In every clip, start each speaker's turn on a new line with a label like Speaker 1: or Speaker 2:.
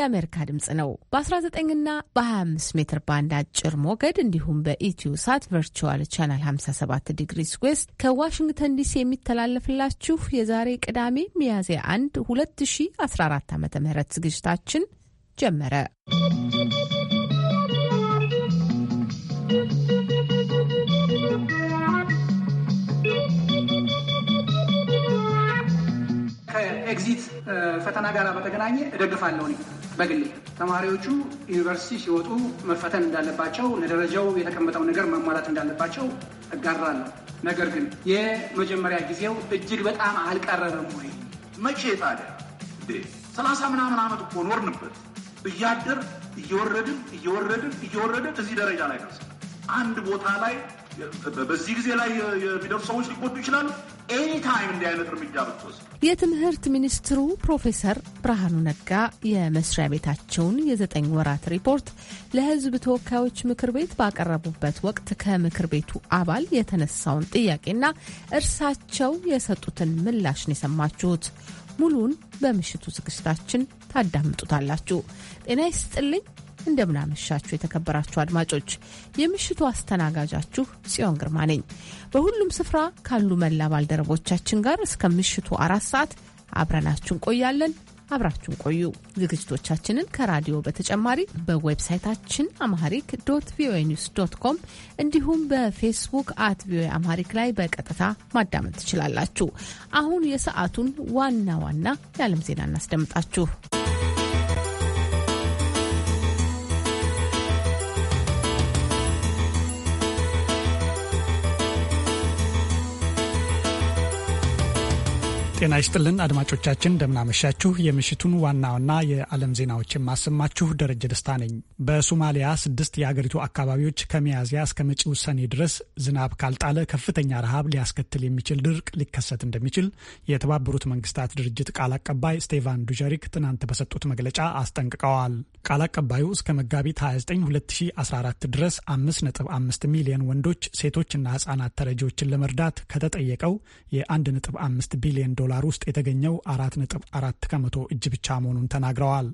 Speaker 1: የአሜሪካ ድምፅ ነው። በ19ና በ25 ሜትር ባንድ አጭር ሞገድ እንዲሁም በኢትዮ ሳት ቨርቹዋል ቻናል 57 ዲግሪ ዌስት ከዋሽንግተን ዲሲ የሚተላለፍላችሁ የዛሬ ቅዳሜ ሚያዝያ 1 2014 ዓ ም ዝግጅታችን ጀመረ።
Speaker 2: ከኤግዚት ፈተና ጋር በተገናኘ እደግፋለሁ። በግሌ ተማሪዎቹ ዩኒቨርሲቲ ሲወጡ መፈተን እንዳለባቸው፣ ለደረጃው የተቀመጠው ነገር መሟላት እንዳለባቸው እጋራለሁ። ነገር ግን የመጀመሪያ ጊዜው እጅግ በጣም አልቀረበም ወይ? መቼ ታዲያ
Speaker 3: ሰላሳ ምናምን ዓመት እኮ ኖርንበት። እያደር እየወረድን እየወረድን እየወረድን እዚህ ደረጃ ላይ ደርሰን አንድ ቦታ ላይ በዚህ ጊዜ ላይ የሚደርሱ ሰዎች ሊጎዱ ይችላሉ። ኤኒታይም እንዲህ አይነት እርምጃ ብትወስድ።
Speaker 1: የትምህርት ሚኒስትሩ ፕሮፌሰር ብርሃኑ ነጋ የመስሪያ ቤታቸውን የዘጠኝ ወራት ሪፖርት ለሕዝብ ተወካዮች ምክር ቤት ባቀረቡበት ወቅት ከምክር ቤቱ አባል የተነሳውን ጥያቄና እርሳቸው የሰጡትን ምላሽን የሰማችሁት ሙሉን በምሽቱ ዝግጅታችን ታዳምጡታላችሁ። ጤና ይስጥልኝ። እንደምናመሻችሁ የተከበራችሁ አድማጮች፣ የምሽቱ አስተናጋጃችሁ ጽዮን ግርማ ነኝ። በሁሉም ስፍራ ካሉ መላ ባልደረቦቻችን ጋር እስከ ምሽቱ አራት ሰዓት አብረናችሁ እንቆያለን። አብራችሁን ቆዩ። ዝግጅቶቻችንን ከራዲዮ በተጨማሪ በዌብሳይታችን አማሪክ ዶት ቪኦኤ ኒውስ ዶት ኮም እንዲሁም በፌስቡክ አት ቪኦኤ አማሪክ ላይ በቀጥታ ማዳመጥ ትችላላችሁ። አሁን የሰዓቱን ዋና ዋና የዓለም ዜና እናስደምጣችሁ።
Speaker 4: ጤና ይስጥልን አድማጮቻችን፣ እንደምናመሻችሁ። የምሽቱን ዋና ዋና የዓለም ዜናዎች የማሰማችሁ ደረጀ ደስታ ነኝ። በሶማሊያ ስድስት የአገሪቱ አካባቢዎች ከሚያዝያ እስከ መጪው ሰኔ ድረስ ዝናብ ካልጣለ ከፍተኛ ረሃብ ሊያስከትል የሚችል ድርቅ ሊከሰት እንደሚችል የተባበሩት መንግስታት ድርጅት ቃል አቀባይ ስቴቫን ዱጀሪክ ትናንት በሰጡት መግለጫ አስጠንቅቀዋል። ቃል አቀባዩ እስከ መጋቢት 29 2014 ድረስ 5.5 ሚሊዮን ወንዶች ሴቶችና ህጻናት ተረጂዎችን ለመርዳት ከተጠየቀው የ1.5 ቢሊዮን ዶላር ዶላር ውስጥ የተገኘው አራት ነጥብ አራት ከመቶ እጅ ብቻ መሆኑን ተናግረዋል።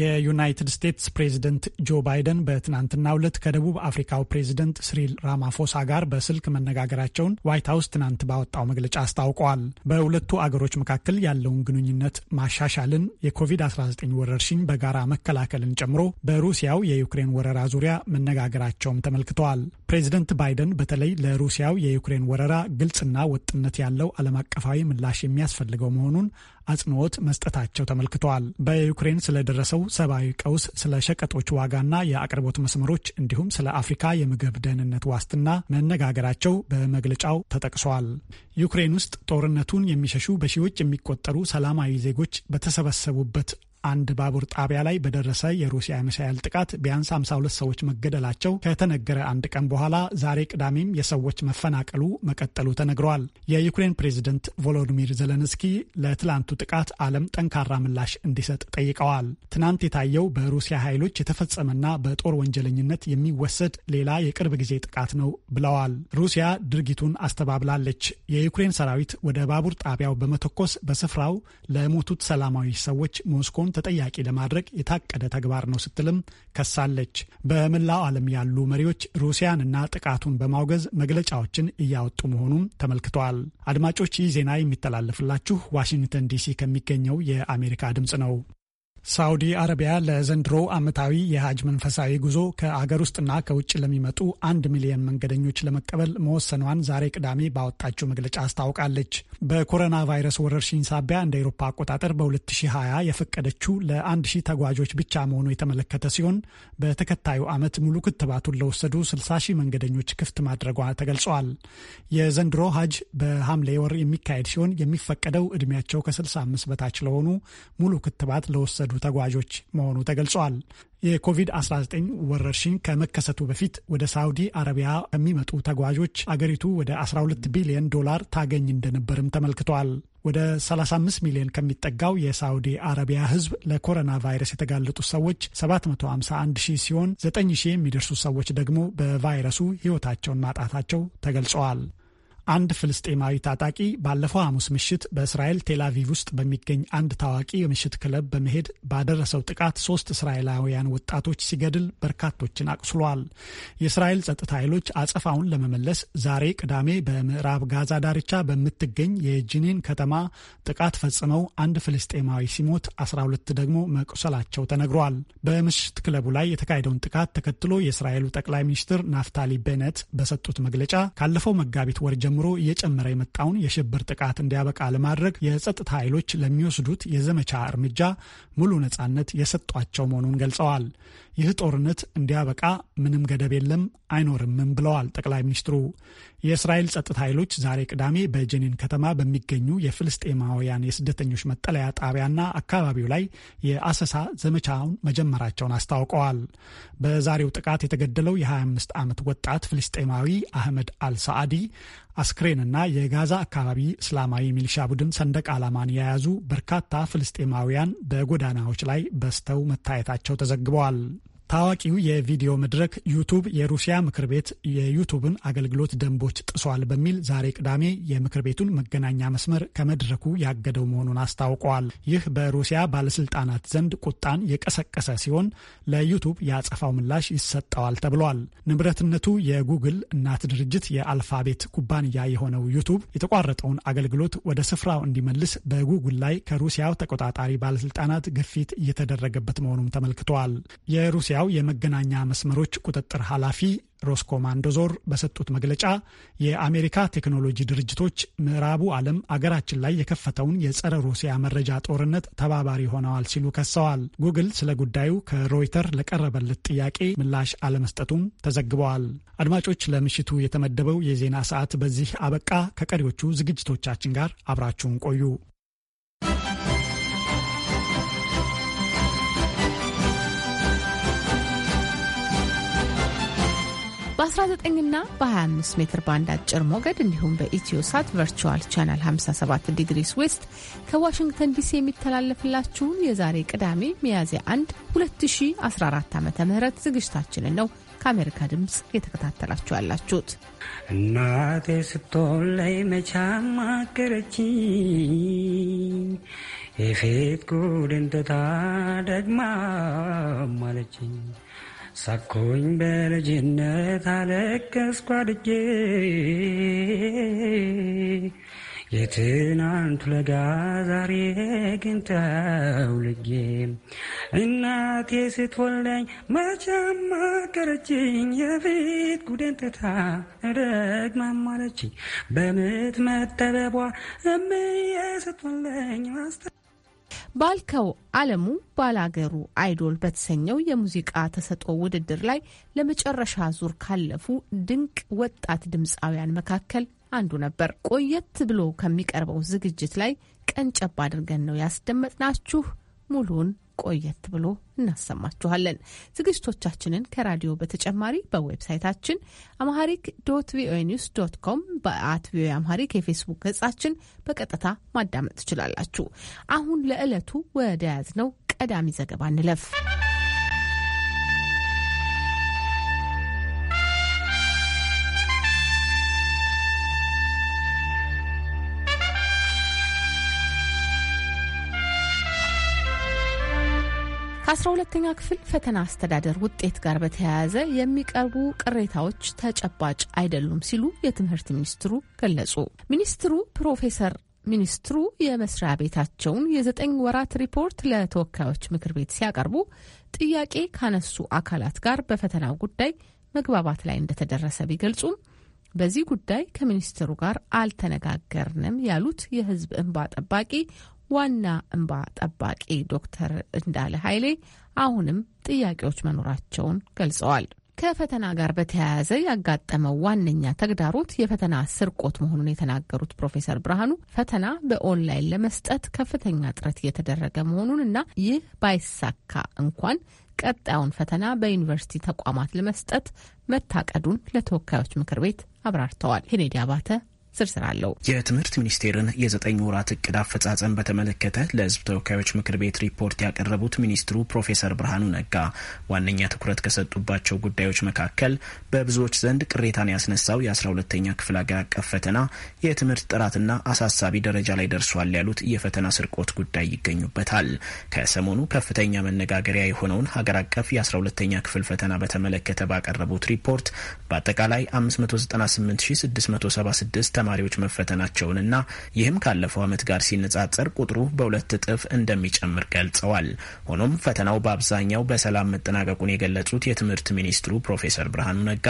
Speaker 4: የዩናይትድ ስቴትስ ፕሬዝደንት ጆ ባይደን በትናንትናው ዕለት ከደቡብ አፍሪካው ፕሬዝደንት ሲሪል ራማፎሳ ጋር በስልክ መነጋገራቸውን ዋይት ሀውስ ትናንት ባወጣው መግለጫ አስታውቀዋል። በሁለቱ አገሮች መካከል ያለውን ግንኙነት ማሻሻልን፣ የኮቪድ-19 ወረርሽኝ በጋራ መከላከልን ጨምሮ በሩሲያው የዩክሬን ወረራ ዙሪያ መነጋገራቸውም ተመልክተዋል። ፕሬዚደንት ባይደን በተለይ ለሩሲያው የዩክሬን ወረራ ግልጽና ወጥነት ያለው ዓለም አቀፋዊ ምላሽ የሚያስፈልገው መሆኑን አጽንኦት መስጠታቸው ተመልክተዋል። በዩክሬን ስለደረሰው ሰብአዊ ቀውስ፣ ስለ ሸቀጦች ዋጋና የአቅርቦት መስመሮች እንዲሁም ስለ አፍሪካ የምግብ ደህንነት ዋስትና መነጋገራቸው በመግለጫው ተጠቅሷል። ዩክሬን ውስጥ ጦርነቱን የሚሸሹ በሺዎች የሚቆጠሩ ሰላማዊ ዜጎች በተሰበሰቡበት አንድ ባቡር ጣቢያ ላይ በደረሰ የሩሲያ ሚሳኤል ጥቃት ቢያንስ 52 ሰዎች መገደላቸው ከተነገረ አንድ ቀን በኋላ ዛሬ ቅዳሜም የሰዎች መፈናቀሉ መቀጠሉ ተነግረዋል። የዩክሬን ፕሬዚደንት ቮሎዲሚር ዘለንስኪ ለትላንቱ ጥቃት ዓለም ጠንካራ ምላሽ እንዲሰጥ ጠይቀዋል። ትናንት የታየው በሩሲያ ኃይሎች የተፈጸመና በጦር ወንጀለኝነት የሚወሰድ ሌላ የቅርብ ጊዜ ጥቃት ነው ብለዋል። ሩሲያ ድርጊቱን አስተባብላለች። የዩክሬን ሰራዊት ወደ ባቡር ጣቢያው በመተኮስ በስፍራው ለሞቱት ሰላማዊ ሰዎች ሞስኮን ተጠያቂ ለማድረግ የታቀደ ተግባር ነው ስትልም ከሳለች። በመላው ዓለም ያሉ መሪዎች ሩሲያንና ጥቃቱን በማውገዝ መግለጫዎችን እያወጡ መሆኑም ተመልክተዋል። አድማጮች ይህ ዜና የሚተላለፍላችሁ ዋሽንግተን ዲሲ ከሚገኘው የአሜሪካ ድምፅ ነው። ሳውዲ አረቢያ ለዘንድሮ ዓመታዊ የሀጅ መንፈሳዊ ጉዞ ከአገር ውስጥና ከውጭ ለሚመጡ አንድ ሚሊዮን መንገደኞች ለመቀበል መወሰኗን ዛሬ ቅዳሜ ባወጣችው መግለጫ አስታውቃለች። በኮሮና ቫይረስ ወረርሽኝ ሳቢያ እንደ ኤሮፓ አቆጣጠር በ2020 የፈቀደችው ለ1000 ተጓዦች ብቻ መሆኑ የተመለከተ ሲሆን በተከታዩ ዓመት ሙሉ ክትባቱን ለወሰዱ 60 ሺህ መንገደኞች ክፍት ማድረጓ ተገልጿል። የዘንድሮ ሀጅ በሐምሌ ወር የሚካሄድ ሲሆን የሚፈቀደው ዕድሜያቸው ከ65 በታች ለሆኑ ሙሉ ክትባት ለወሰዱ ተጓዦች መሆኑ ተገልጿል። የኮቪድ-19 ወረርሽኝ ከመከሰቱ በፊት ወደ ሳውዲ አረቢያ ከሚመጡ ተጓዦች አገሪቱ ወደ 12 ቢሊዮን ዶላር ታገኝ እንደነበርም ተመልክቷል። ወደ 35 ሚሊዮን ከሚጠጋው የሳውዲ አረቢያ ሕዝብ ለኮሮና ቫይረስ የተጋለጡ ሰዎች 751 ሺህ ሲሆን 9 ሺህ የሚደርሱ ሰዎች ደግሞ በቫይረሱ ሕይወታቸውን ማጣታቸው ተገልጸዋል። አንድ ፍልስጤማዊ ታጣቂ ባለፈው ሐሙስ ምሽት በእስራኤል ቴላቪቭ ውስጥ በሚገኝ አንድ ታዋቂ የምሽት ክለብ በመሄድ ባደረሰው ጥቃት ሶስት እስራኤላውያን ወጣቶች ሲገድል በርካቶችን አቁስሏል። የእስራኤል ጸጥታ ኃይሎች አጸፋውን ለመመለስ ዛሬ ቅዳሜ በምዕራብ ጋዛ ዳርቻ በምትገኝ የጂኒን ከተማ ጥቃት ፈጽመው አንድ ፍልስጤማዊ ሲሞት 12 ደግሞ መቁሰላቸው ተነግሯል። በምሽት ክለቡ ላይ የተካሄደውን ጥቃት ተከትሎ የእስራኤሉ ጠቅላይ ሚኒስትር ናፍታሊ ቤነት በሰጡት መግለጫ ካለፈው መጋቢት ወር ጀምሮ ጀምሮ እየጨመረ የመጣውን የሽብር ጥቃት እንዲያበቃ ለማድረግ የጸጥታ ኃይሎች ለሚወስዱት የዘመቻ እርምጃ ሙሉ ነጻነት የሰጧቸው መሆኑን ገልጸዋል። ይህ ጦርነት እንዲያበቃ ምንም ገደብ የለም አይኖርምም ብለዋል ጠቅላይ ሚኒስትሩ። የእስራኤል ጸጥታ ኃይሎች ዛሬ ቅዳሜ በጀኒን ከተማ በሚገኙ የፍልስጤማውያን የስደተኞች መጠለያ ጣቢያና አካባቢው ላይ የአሰሳ ዘመቻውን መጀመራቸውን አስታውቀዋል። በዛሬው ጥቃት የተገደለው የ25 ዓመት ወጣት ፍልስጤማዊ አህመድ አልሳአዲ አስክሬንና የጋዛ አካባቢ እስላማዊ ሚሊሻ ቡድን ሰንደቅ ዓላማን የያዙ በርካታ ፍልስጤማውያን በጎዳናዎች ላይ በስተው መታየታቸው ተዘግበዋል። ታዋቂው የቪዲዮ መድረክ ዩቱብ የሩሲያ ምክር ቤት የዩቱብን አገልግሎት ደንቦች ጥሷል በሚል ዛሬ ቅዳሜ የምክር ቤቱን መገናኛ መስመር ከመድረኩ ያገደው መሆኑን አስታውቀዋል። ይህ በሩሲያ ባለስልጣናት ዘንድ ቁጣን የቀሰቀሰ ሲሆን ለዩቱብ የአጸፋው ምላሽ ይሰጠዋል ተብሏል። ንብረትነቱ የጉግል እናት ድርጅት የአልፋቤት ኩባንያ የሆነው ዩቱብ የተቋረጠውን አገልግሎት ወደ ስፍራው እንዲመልስ በጉግል ላይ ከሩሲያው ተቆጣጣሪ ባለስልጣናት ግፊት እየተደረገበት መሆኑም ተመልክተዋል። የሩሲያ የሩሲያው የመገናኛ መስመሮች ቁጥጥር ኃላፊ ሮስኮማንዶ ዞር በሰጡት መግለጫ የአሜሪካ ቴክኖሎጂ ድርጅቶች ምዕራቡ ዓለም አገራችን ላይ የከፈተውን የጸረ ሩሲያ መረጃ ጦርነት ተባባሪ ሆነዋል ሲሉ ከሰዋል። ጉግል ስለ ጉዳዩ ከሮይተር ለቀረበለት ጥያቄ ምላሽ አለመስጠቱም ተዘግበዋል። አድማጮች፣ ለምሽቱ የተመደበው የዜና ሰዓት በዚህ አበቃ። ከቀሪዎቹ ዝግጅቶቻችን ጋር አብራችሁን ቆዩ።
Speaker 1: በ19ና በ25 ሜትር ባንድ አጭር ሞገድ እንዲሁም በኢትዮ ሳት ቨርቹዋል ቻናል 57 ዲግሪስ ዌስት ከዋሽንግተን ዲሲ የሚተላለፍላችሁን የዛሬ ቅዳሜ ሚያዝያ 1 2014 ዓ ም ዝግጅታችንን ነው ከአሜሪካ ድምፅ የተከታተላችሁ ያላችሁት።
Speaker 5: እናቴ ስትሆን ላይ መቻ የፌት ጉድንትታ ደግማ ማለችኝ ሳኮኝ በልጅነት አለቀስኩ አድጌ የትናንቱ ለጋ ዛሬ ግን ተውልጌ እናቴ ስትወልደኝ መቼም አቀረችኝ የፊት ጉዴን ትታ ደግማማለችኝ በምት
Speaker 1: መጠበቧ እምዬ ስትወልደኝ ባልከው አለሙ ባላገሩ አይዶል በተሰኘው የሙዚቃ ተሰጥኦ ውድድር ላይ ለመጨረሻ ዙር ካለፉ ድንቅ ወጣት ድምፃውያን መካከል አንዱ ነበር። ቆየት ብሎ ከሚቀርበው ዝግጅት ላይ ቀንጨብ አድርገን ነው ያስደመጥናችሁ ሙሉን ቆየት ብሎ እናሰማችኋለን። ዝግጅቶቻችንን ከራዲዮ በተጨማሪ በዌብሳይታችን አምሃሪክ ዶት ቪኦኤ ኒውስ ዶት ኮም፣ በአት ቪኦኤ አምሃሪክ የፌስቡክ ገጻችን በቀጥታ ማዳመጥ ትችላላችሁ። አሁን ለዕለቱ ወደ ያዝነው ቀዳሚ ዘገባ እንለፍ። ከ12ተኛ ክፍል ፈተና አስተዳደር ውጤት ጋር በተያያዘ የሚቀርቡ ቅሬታዎች ተጨባጭ አይደሉም ሲሉ የትምህርት ሚኒስትሩ ገለጹ። ሚኒስትሩ ፕሮፌሰር ሚኒስትሩ የመስሪያ ቤታቸውን የዘጠኝ ወራት ሪፖርት ለተወካዮች ምክር ቤት ሲያቀርቡ ጥያቄ ካነሱ አካላት ጋር በፈተናው ጉዳይ መግባባት ላይ እንደተደረሰ ቢገልጹም በዚህ ጉዳይ ከሚኒስትሩ ጋር አልተነጋገርንም ያሉት የሕዝብ እንባ ጠባቂ ዋና እንባ ጠባቂ ዶክተር እንዳለ ኃይሌ አሁንም ጥያቄዎች መኖራቸውን ገልጸዋል። ከፈተና ጋር በተያያዘ ያጋጠመው ዋነኛ ተግዳሮት የፈተና ስርቆት መሆኑን የተናገሩት ፕሮፌሰር ብርሃኑ ፈተና በኦንላይን ለመስጠት ከፍተኛ ጥረት እየተደረገ መሆኑን እና ይህ ባይሳካ እንኳን ቀጣዩን ፈተና በዩኒቨርሲቲ ተቋማት ለመስጠት መታቀዱን ለተወካዮች ምክር ቤት አብራርተዋል። ሄኔዲ አባተ ዝርዝር አለው።
Speaker 6: የትምህርት ሚኒስቴርን የዘጠኝ ወራት እቅድ አፈጻጸም በተመለከተ ለህዝብ ተወካዮች ምክር ቤት ሪፖርት ያቀረቡት ሚኒስትሩ ፕሮፌሰር ብርሃኑ ነጋ ዋነኛ ትኩረት ከሰጡባቸው ጉዳዮች መካከል በብዙዎች ዘንድ ቅሬታን ያስነሳው የ12ተኛ ክፍል ሀገር አቀፍ ፈተና የትምህርት ጥራትና አሳሳቢ ደረጃ ላይ ደርሷል ያሉት የፈተና ስርቆት ጉዳይ ይገኙበታል። ከሰሞኑ ከፍተኛ መነጋገሪያ የሆነውን ሀገር አቀፍ የ12ተኛ ክፍል ፈተና በተመለከተ ባቀረቡት ሪፖርት በአጠቃላይ 598676 ተማሪዎች መፈተናቸውንና ይህም ካለፈው ዓመት ጋር ሲነጻጸር ቁጥሩ በሁለት እጥፍ እንደሚጨምር ገልጸዋል። ሆኖም ፈተናው በአብዛኛው በሰላም መጠናቀቁን የገለጹት የትምህርት ሚኒስትሩ ፕሮፌሰር ብርሃኑ ነጋ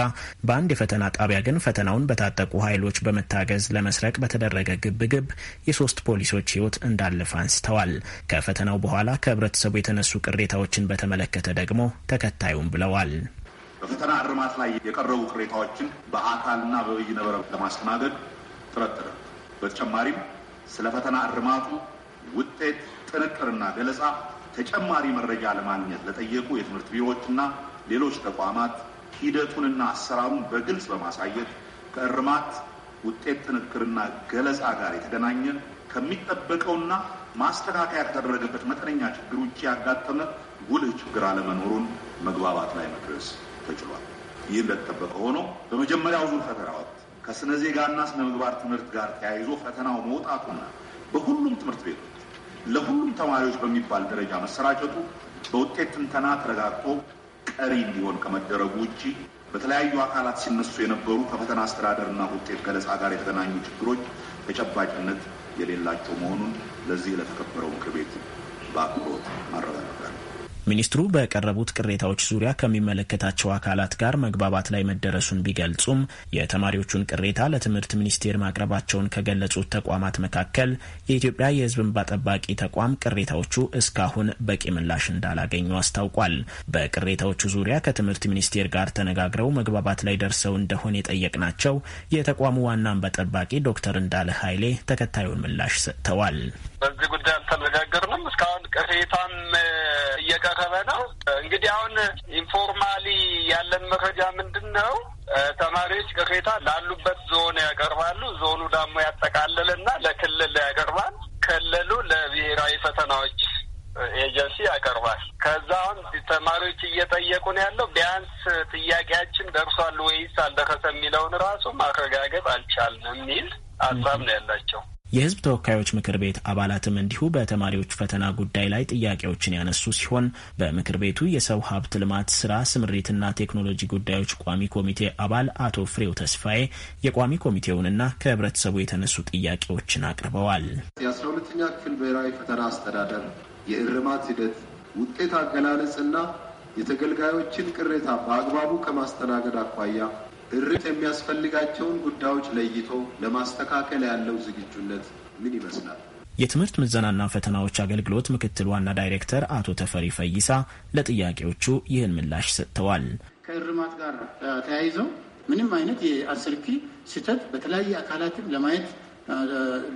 Speaker 6: በአንድ የፈተና ጣቢያ ግን ፈተናውን በታጠቁ ኃይሎች በመታገዝ ለመስረቅ በተደረገ ግብግብ የሶስት ፖሊሶች ህይወት እንዳለፈ አንስተዋል። ከፈተናው በኋላ ከህብረተሰቡ የተነሱ ቅሬታዎችን በተመለከተ ደግሞ ተከታዩም ብለዋል።
Speaker 3: በፈተና እርማት ላይ የቀረቡ ቅሬታዎችን በአካልና በበይነ መረብ ለማስተናገድ ተረተረ። በተጨማሪም ስለ ፈተና እርማቱ ውጤት ጥንቅርና ገለጻ ተጨማሪ መረጃ ለማግኘት ለጠየቁ የትምህርት ቢሮዎችና ሌሎች ተቋማት ሂደቱንና አሰራሩን በግልጽ በማሳየት ከእርማት ውጤት ጥንቅርና ገለጻ ጋር የተገናኘ ከሚጠበቀውና ማስተካከያ ከተደረገበት መጠነኛ ችግር ውጭ ያጋጠመ ጉልህ ችግር አለመኖሩን መግባባት ላይ መድረስ ተችሏል። ይህ እንደተጠበቀ ሆኖ በመጀመሪያው ዙር ፈተና ወቅት ከስነ ዜጋና ስነ ምግባር ትምህርት ጋር ተያይዞ ፈተናው መውጣቱና በሁሉም ትምህርት ቤቶች ለሁሉም ተማሪዎች በሚባል ደረጃ መሰራጨቱ በውጤት ትንተና ተረጋግጦ ቀሪ እንዲሆን ከመደረጉ ውጭ በተለያዩ አካላት ሲነሱ የነበሩ ከፈተና አስተዳደርና ውጤት ገለጻ ጋር የተገናኙ ችግሮች ተጨባጭነት የሌላቸው መሆኑን ለዚህ ለተከበረው ምክር ቤት በአክብሮት ማረጋገጥ
Speaker 6: ሚኒስትሩ በቀረቡት ቅሬታዎች ዙሪያ ከሚመለከታቸው አካላት ጋር መግባባት ላይ መደረሱን ቢገልጹም የተማሪዎቹን ቅሬታ ለትምህርት ሚኒስቴር ማቅረባቸውን ከገለጹት ተቋማት መካከል የኢትዮጵያ የሕዝብ እንባ ጠባቂ ተቋም ቅሬታዎቹ እስካሁን በቂ ምላሽ እንዳላገኙ አስታውቋል። በቅሬታዎቹ ዙሪያ ከትምህርት ሚኒስቴር ጋር ተነጋግረው መግባባት ላይ ደርሰው እንደሆነ የጠየቅናቸው የተቋሙ ዋና እንባ ጠባቂ ዶክተር እንዳለ ኃይሌ ተከታዩን ምላሽ ሰጥተዋል። በዚህ ጉዳይ አልተነጋገርንም እስካሁን ቅሬታም እየቀ
Speaker 7: የቀረበ ነው። እንግዲህ አሁን ኢንፎርማሊ ያለን መረጃ ምንድን ነው? ተማሪዎች ቅሬታ ላሉበት ዞን ያቀርባሉ። ዞኑ ደግሞ ያጠቃልልና ለክልል ያቀርባል። ክልሉ ለብሔራዊ ፈተናዎች ኤጀንሲ ያቀርባል። ከዛ አሁን ተማሪዎች እየጠየቁ ነው ያለው ቢያንስ ጥያቄያችን ደርሷል ወይስ አልደረሰ የሚለውን ራሱ ማረጋገጥ አልቻልንም የሚል ሀሳብ ነው
Speaker 6: ያላቸው። የህዝብ ተወካዮች ምክር ቤት አባላትም እንዲሁ በተማሪዎች ፈተና ጉዳይ ላይ ጥያቄዎችን ያነሱ ሲሆን በምክር ቤቱ የሰው ሀብት ልማት ስራ ስምሪትና ቴክኖሎጂ ጉዳዮች ቋሚ ኮሚቴ አባል አቶ ፍሬው ተስፋዬ የቋሚ ኮሚቴውንና ከህብረተሰቡ የተነሱ ጥያቄዎችን አቅርበዋል።
Speaker 8: የአስራ ሁለተኛ ክፍል ብሔራዊ ፈተና አስተዳደር የእርማት ሂደት ውጤት አገላለጽና የተገልጋዮችን ቅሬታ በአግባቡ ከማስተናገድ አኳያ እርት የሚያስፈልጋቸውን ጉዳዮች ለይቶ ለማስተካከል ያለው ዝግጁነት ምን ይመስላል?
Speaker 6: የትምህርት ምዘናና ፈተናዎች አገልግሎት ምክትል ዋና ዳይሬክተር አቶ ተፈሪ ፈይሳ ለጥያቄዎቹ ይህን ምላሽ ሰጥተዋል።
Speaker 2: ከእርማት ጋር ተያይዘው ምንም አይነት የአስርኪ ስህተት በተለያየ አካላትም ለማየት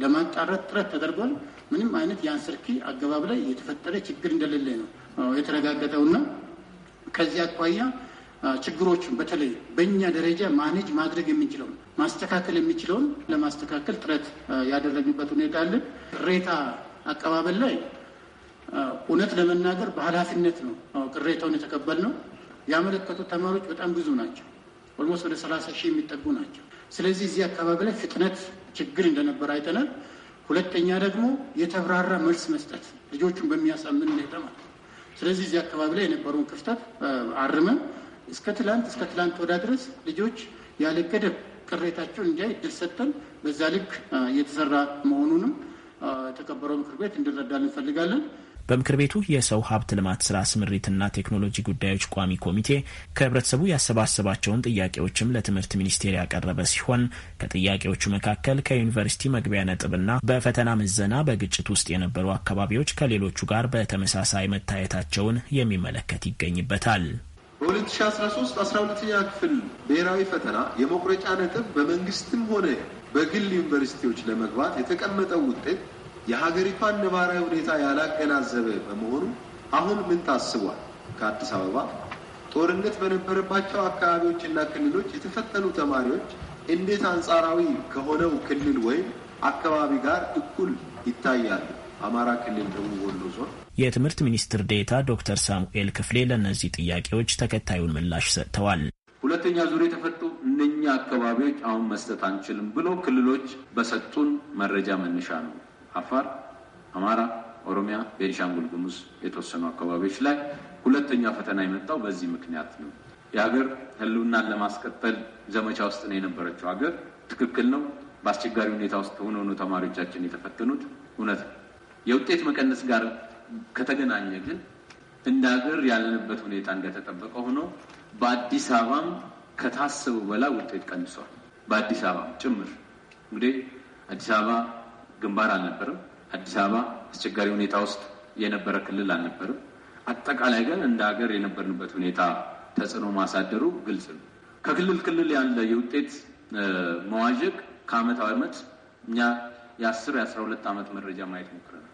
Speaker 2: ለማጣረት ጥረት ተደርጓል። ምንም አይነት የአንስርኪ አገባብ ላይ የተፈጠረ ችግር እንደሌለ ነው የተረጋገጠውና ከዚህ አኳያ ችግሮቹን በተለይ በእኛ ደረጃ ማኔጅ ማድረግ የምንችለውን ማስተካከል የሚችለውን ለማስተካከል ጥረት ያደረግንበት ሁኔታ አለን። ቅሬታ አቀባበል ላይ እውነት ለመናገር በኃላፊነት ነው ቅሬታውን የተቀበልነው። ያመለከቱት ተማሪዎች በጣም ብዙ ናቸው። ኦልሞስት ወደ ሰላሳ ሺህ የሚጠጉ ናቸው። ስለዚህ እዚህ አካባቢ ላይ ፍጥነት ችግር እንደነበረ አይተናል። ሁለተኛ ደግሞ የተብራራ መልስ መስጠት ልጆቹን በሚያሳምን ሁኔታ ማለት ነው። ስለዚህ እዚህ አካባቢ ላይ የነበረውን ክፍተት አርመን እስከ ትላንት እስከ ትላንት ወዳ ድረስ ልጆች ያለ ገደብ ቅሬታቸው እንዲያይ እድል ሰጥተን በዛ ልክ እየተሰራ መሆኑንም የተከበረው ምክር ቤት እንድረዳል እንፈልጋለን።
Speaker 6: በምክር ቤቱ የሰው ሀብት ልማት ስራ ስምሪትና ቴክኖሎጂ ጉዳዮች ቋሚ ኮሚቴ ከህብረተሰቡ ያሰባሰባቸውን ጥያቄዎችም ለትምህርት ሚኒስቴር ያቀረበ ሲሆን ከጥያቄዎቹ መካከል ከዩኒቨርሲቲ መግቢያ ነጥብና በፈተና ምዘና በግጭት ውስጥ የነበሩ አካባቢዎች ከሌሎቹ ጋር በተመሳሳይ መታየታቸውን የሚመለከት ይገኝበታል።
Speaker 8: በ2013 12ኛ ክፍል ብሔራዊ ፈተና የመቁረጫ ነጥብ በመንግስትም ሆነ በግል ዩኒቨርሲቲዎች ለመግባት የተቀመጠው ውጤት የሀገሪቷን ነባራዊ ሁኔታ ያላገናዘበ በመሆኑ አሁን ምን ታስቧል? ከአዲስ አበባ ጦርነት በነበረባቸው አካባቢዎችና ክልሎች የተፈተኑ ተማሪዎች እንዴት አንጻራዊ ከሆነው ክልል ወይም
Speaker 6: አካባቢ ጋር እኩል ይታያሉ? አማራ ክልል ደቡብ ወሎ ዞን የትምህርት ሚኒስትር ዴታ ዶክተር ሳሙኤል ክፍሌ ለእነዚህ ጥያቄዎች ተከታዩን ምላሽ ሰጥተዋል።
Speaker 8: ሁለተኛ ዙር የተፈቱ እነኛ አካባቢዎች አሁን መስጠት አንችልም ብሎ ክልሎች በሰጡን መረጃ መነሻ ነው። አፋር፣ አማራ፣ ኦሮሚያ፣ ቤኒሻንጉል ጉሙዝ የተወሰኑ አካባቢዎች ላይ ሁለተኛ ፈተና የመጣው በዚህ ምክንያት ነው። የሀገር ሕልውናን ለማስቀጠል ዘመቻ ውስጥ ነው የነበረችው ሀገር። ትክክል ነው። በአስቸጋሪ ሁኔታ ውስጥ ሆነው ነው ተማሪዎቻችን የተፈተኑት። እውነት ነው። የውጤት መቀነስ ጋር ከተገናኘ ግን እንደ ሀገር ያለንበት ሁኔታ እንደተጠበቀ ሆኖ በአዲስ አበባም ከታሰበው በላይ ውጤት ቀንሷል። በአዲስ አበባ ጭምር እንግዲህ አዲስ አበባ ግንባር አልነበርም። አዲስ አበባ አስቸጋሪ ሁኔታ ውስጥ የነበረ ክልል አልነበርም። አጠቃላይ ግን እንደ ሀገር የነበርንበት ሁኔታ ተጽዕኖ ማሳደሩ ግልጽ ነው። ከክልል ክልል ያለ የውጤት መዋዠቅ ከአመት ዓመት እኛ የአስር የአስራ ሁለት ዓመት መረጃ ማየት ሞክረናል።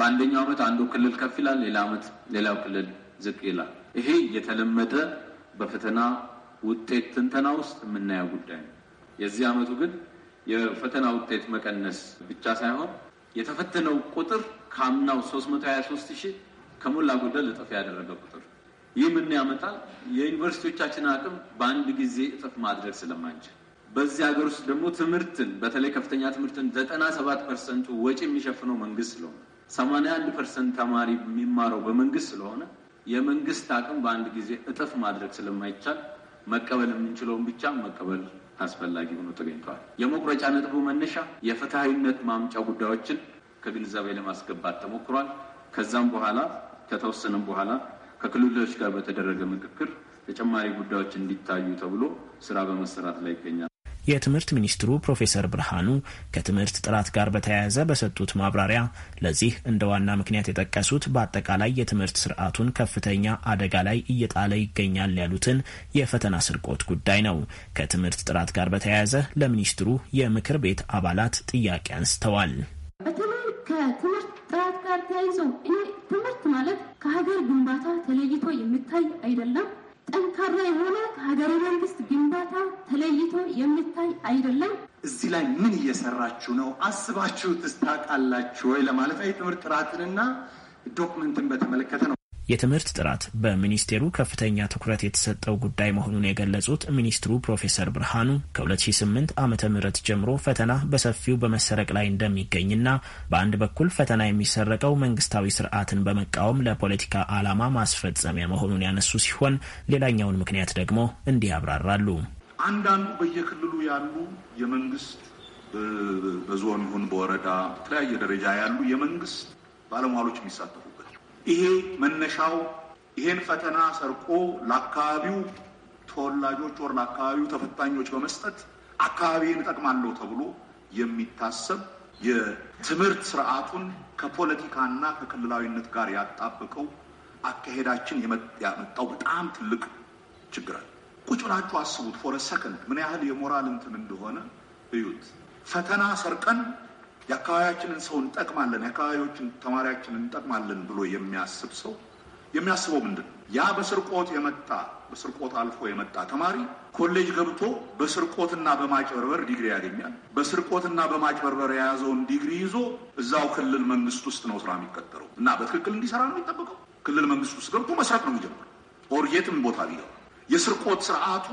Speaker 8: በአንደኛው ዓመት አንዱ ክልል ከፍ ይላል፣ ሌላ ዓመት ሌላው ክልል ዝቅ ይላል። ይሄ የተለመደ በፈተና ውጤት ትንተና ውስጥ የምናየው ጉዳይ ነው። የዚህ ዓመቱ ግን የፈተና ውጤት መቀነስ ብቻ ሳይሆን የተፈተነው ቁጥር ከአምናው 323 ሺህ ከሞላ ጎደል እጥፍ ያደረገ ቁጥር ይህ ምን ያመጣል? የዩኒቨርሲቲዎቻችን አቅም በአንድ ጊዜ እጥፍ ማድረግ ስለማንችል በዚህ ሀገር ውስጥ ደግሞ ትምህርትን በተለይ ከፍተኛ ትምህርትን ዘጠና ሰባት ፐርሰንቱ ወጪ የሚሸፍነው መንግስት ስለሆነ ሰማንያ አንድ ፐርሰንት ተማሪ የሚማረው በመንግስት ስለሆነ የመንግስት አቅም በአንድ ጊዜ እጥፍ ማድረግ ስለማይቻል መቀበል የምንችለውን ብቻ መቀበል አስፈላጊ ሆኖ ተገኝተዋል። የመቁረጫ ነጥቡ መነሻ የፍትሐዊነት ማምጫ ጉዳዮችን ከግንዛቤ ለማስገባት ተሞክሯል። ከዛም በኋላ ከተወሰነም በኋላ ከክልሎች ጋር በተደረገ ምክክር ተጨማሪ ጉዳዮች እንዲታዩ ተብሎ ስራ በመሰራት ላይ ይገኛል።
Speaker 6: የትምህርት ሚኒስትሩ ፕሮፌሰር ብርሃኑ ከትምህርት ጥራት ጋር በተያያዘ በሰጡት ማብራሪያ ለዚህ እንደ ዋና ምክንያት የጠቀሱት በአጠቃላይ የትምህርት ስርዓቱን ከፍተኛ አደጋ ላይ እየጣለ ይገኛል ያሉትን የፈተና ስርቆት ጉዳይ ነው። ከትምህርት ጥራት ጋር በተያያዘ ለሚኒስትሩ የምክር ቤት አባላት ጥያቄ አንስተዋል።
Speaker 1: ጥራት ጋር ተያይዞ እኔ ትምህርት ማለት ከሀገር ግንባታ ተለይቶ የሚታይ አይደለም ጠንካራ የሆነ ሀገረ መንግስት ግንባታ ተለይቶ የሚታይ አይደለም።
Speaker 2: እዚህ ላይ ምን እየሰራችሁ ነው? አስባችሁ ትስታቃላችሁ ወይ ለማለት የትምህርት ጥራትንና ዶክመንትን በተመለከተ ነው።
Speaker 6: የትምህርት ጥራት በሚኒስቴሩ ከፍተኛ ትኩረት የተሰጠው ጉዳይ መሆኑን የገለጹት ሚኒስትሩ ፕሮፌሰር ብርሃኑ ከ2008 ዓ ም ጀምሮ ፈተና በሰፊው በመሰረቅ ላይ እንደሚገኝና በአንድ በኩል ፈተና የሚሰረቀው መንግስታዊ ስርዓትን በመቃወም ለፖለቲካ ዓላማ ማስፈጸሚያ መሆኑን ያነሱ ሲሆን ሌላኛውን ምክንያት ደግሞ እንዲህ ያብራራሉ።
Speaker 3: አንዳንዱ በየክልሉ ያሉ የመንግስት በዞን ይሁን በወረዳ በተለያየ ደረጃ ያሉ የመንግስት ባለሟሎች የሚሳተፉ ይሄ መነሻው ይሄን ፈተና ሰርቆ ለአካባቢው ተወላጆች ወር ለአካባቢው ተፈታኞች በመስጠት አካባቢን እጠቅማለሁ ተብሎ የሚታሰብ የትምህርት ስርዓቱን ከፖለቲካና ከክልላዊነት ጋር ያጣበቀው አካሄዳችን ያመጣው በጣም ትልቅ ችግር አለ። ቁጭ ብላችሁ አስቡት። ፎር ሰከንድ ምን ያህል የሞራል እንትን እንደሆነ እዩት። ፈተና ሰርቀን የአካባቢያችንን ሰው እንጠቅማለን፣ የአካባቢዎችን ተማሪያችንን እንጠቅማለን ብሎ የሚያስብ ሰው የሚያስበው ምንድን ነው? ያ በስርቆት የመጣ በስርቆት አልፎ የመጣ ተማሪ ኮሌጅ ገብቶ በስርቆትና በማጭበርበር ዲግሪ ያገኛል። በስርቆትና በማጭበርበር የያዘውን ዲግሪ ይዞ እዛው ክልል መንግስት ውስጥ ነው ስራ የሚቀጠረው እና በትክክል እንዲሰራ ነው የሚጠበቀው። ክልል መንግስት ውስጥ ገብቶ መስራት ነው የሚጀምረው። ኦር ቦታ ቢገባ የስርቆት ስርዓቱ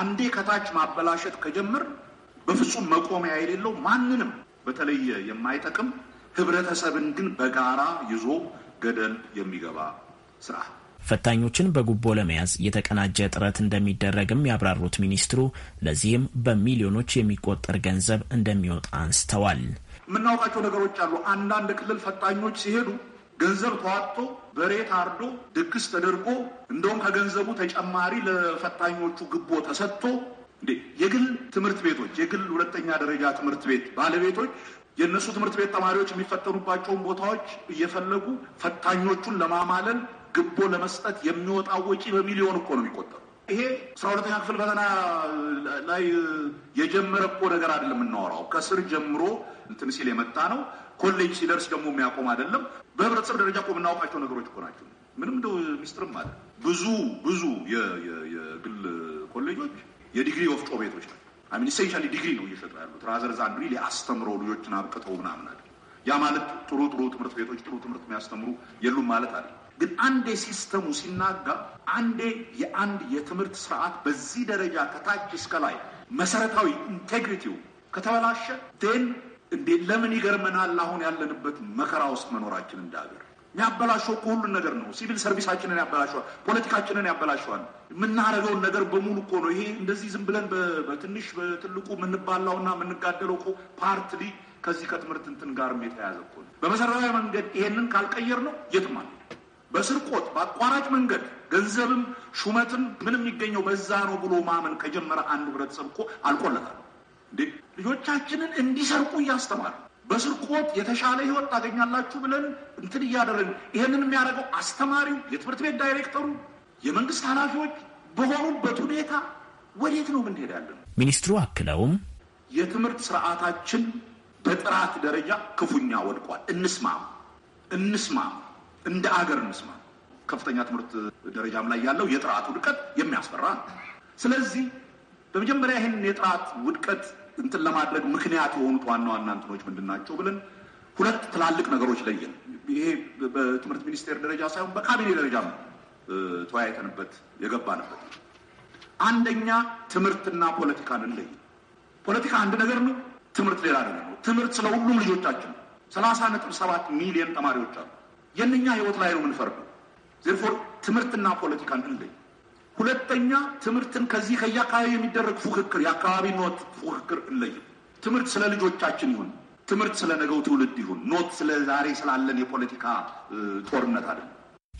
Speaker 3: አንዴ ከታች ማበላሸት ከጀመር በፍጹም መቆሚያ የሌለው ማንንም በተለየ የማይጠቅም ህብረተሰብን ግን በጋራ ይዞ ገደል የሚገባ ስራ
Speaker 6: ፈታኞችን በጉቦ ለመያዝ የተቀናጀ ጥረት እንደሚደረግም ያብራሩት ሚኒስትሩ ለዚህም በሚሊዮኖች የሚቆጠር ገንዘብ እንደሚወጣ አንስተዋል።
Speaker 3: የምናውቃቸው ነገሮች አሉ። አንዳንድ ክልል ፈታኞች ሲሄዱ ገንዘብ ተዋጥቶ በሬ ታርዶ ድግስ ተደርጎ እንደውም ከገንዘቡ ተጨማሪ ለፈታኞቹ ግቦ ተሰጥቶ እንዴ የግል ትምህርት ቤቶች የግል ሁለተኛ ደረጃ ትምህርት ቤት ባለቤቶች የእነሱ ትምህርት ቤት ተማሪዎች የሚፈተኑባቸውን ቦታዎች እየፈለጉ ፈታኞቹን ለማማለል ግቦ ለመስጠት የሚወጣው ወጪ በሚሊዮን እኮ ነው የሚቆጠሩ። ይሄ አስራ ሁለተኛ ክፍል ፈተና ላይ የጀመረ እኮ ነገር አይደለም የምናወራው። ከስር ጀምሮ እንትን ሲል የመጣ ነው። ኮሌጅ ሲደርስ ደግሞ የሚያቆም አይደለም። በህብረተሰብ ደረጃ እኮ የምናውቃቸው ነገሮች እኮ ናቸው። ምንም እንደው ሚስጥርም አለ። ብዙ ብዙ የግል ኮሌጆች የዲግሪ ወፍጮ ቤቶች ናቸው። ኢሴንሻሊ ዲግሪ ነው እየሸጡ ያሉት ራዘር ዛን ሪሊ አስተምሮ ልጆችን አብቅተው ምናምን አለ። ያ ማለት ጥሩ ጥሩ ትምህርት ቤቶች ጥሩ ትምህርት የሚያስተምሩ የሉም ማለት አለ። ግን አንዴ ሲስተሙ ሲናጋ፣ አንዴ የአንድ የትምህርት ስርዓት በዚህ ደረጃ ከታች እስከ ላይ መሰረታዊ ኢንቴግሪቲው ከተበላሸ ን እንዴ ለምን ይገርመናል አሁን ያለንበት መከራ ውስጥ መኖራችን እንዳገር የሚያበላሸው እኮ ሁሉን ነገር ነው። ሲቪል ሰርቪሳችንን ያበላሸዋል፣ ፖለቲካችንን ያበላሸዋል። የምናደርገውን ነገር በሙሉ እኮ ነው። ይሄ እንደዚህ ዝም ብለን በትንሽ በትልቁ የምንባላውና የምንጋደለው እኮ ፓርትሊ ከዚህ ከትምህርት እንትን ጋርም የተያዘ እኮ ነው። በመሰረታዊ መንገድ ይሄንን ካልቀየር ነው የትም አለ። በስርቆት በአቋራጭ መንገድ ገንዘብም ሹመትም ምን የሚገኘው በዛ ነው ብሎ ማመን ከጀመረ አንድ ህብረተሰብ እኮ አልቆለታል እንዴ! ልጆቻችንን እንዲሰርቁ እያስተማር በስርቆት የተሻለ ህይወት ታገኛላችሁ ብለን እንትን እያደረግን ይህንን የሚያደርገው አስተማሪው፣ የትምህርት ቤት ዳይሬክተሩ፣ የመንግስት ኃላፊዎች በሆኑበት ሁኔታ ወዴት ነው ምንሄድ ያለን?
Speaker 6: ሚኒስትሩ አክለውም
Speaker 3: የትምህርት ስርዓታችን በጥራት ደረጃ ክፉኛ ወድቋል። እንስማ እንስማ እንደ አገር እንስማ። ከፍተኛ ትምህርት ደረጃም ላይ ያለው የጥራት ውድቀት የሚያስፈራ ነው። ስለዚህ በመጀመሪያ ይህን የጥራት ውድቀት እንትን ለማድረግ ምክንያት የሆኑት ዋና ዋና እንትኖች ምንድን ናቸው ብለን ሁለት ትላልቅ ነገሮች ለየን። ይሄ በትምህርት ሚኒስቴር ደረጃ ሳይሆን በካቢኔ ደረጃ ተወያይተንበት የገባንበት። አንደኛ ትምህርትና ፖለቲካን እንለይ። ፖለቲካ አንድ ነገር ነው፣ ትምህርት ሌላ ነገር ነው። ትምህርት ስለ ሁሉም ልጆቻችን ሰላሳ ነጥብ ሰባት ሚሊዮን ተማሪዎች አሉ። የእነኛ ህይወት ላይ ነው የምንፈርዱ። ዜርፎር ትምህርትና ፖለቲካን እንለይ። ሁለተኛ ትምህርትን ከዚህ ከየአካባቢ የሚደረግ ፉክክር የአካባቢ ኖት ፉክክር እንለይም። ትምህርት ስለ ልጆቻችን ይሁን፣ ትምህርት ስለ ነገው ትውልድ ይሁን፣ ኖት ስለ ዛሬ ስላለን የፖለቲካ ጦርነት አይደለም።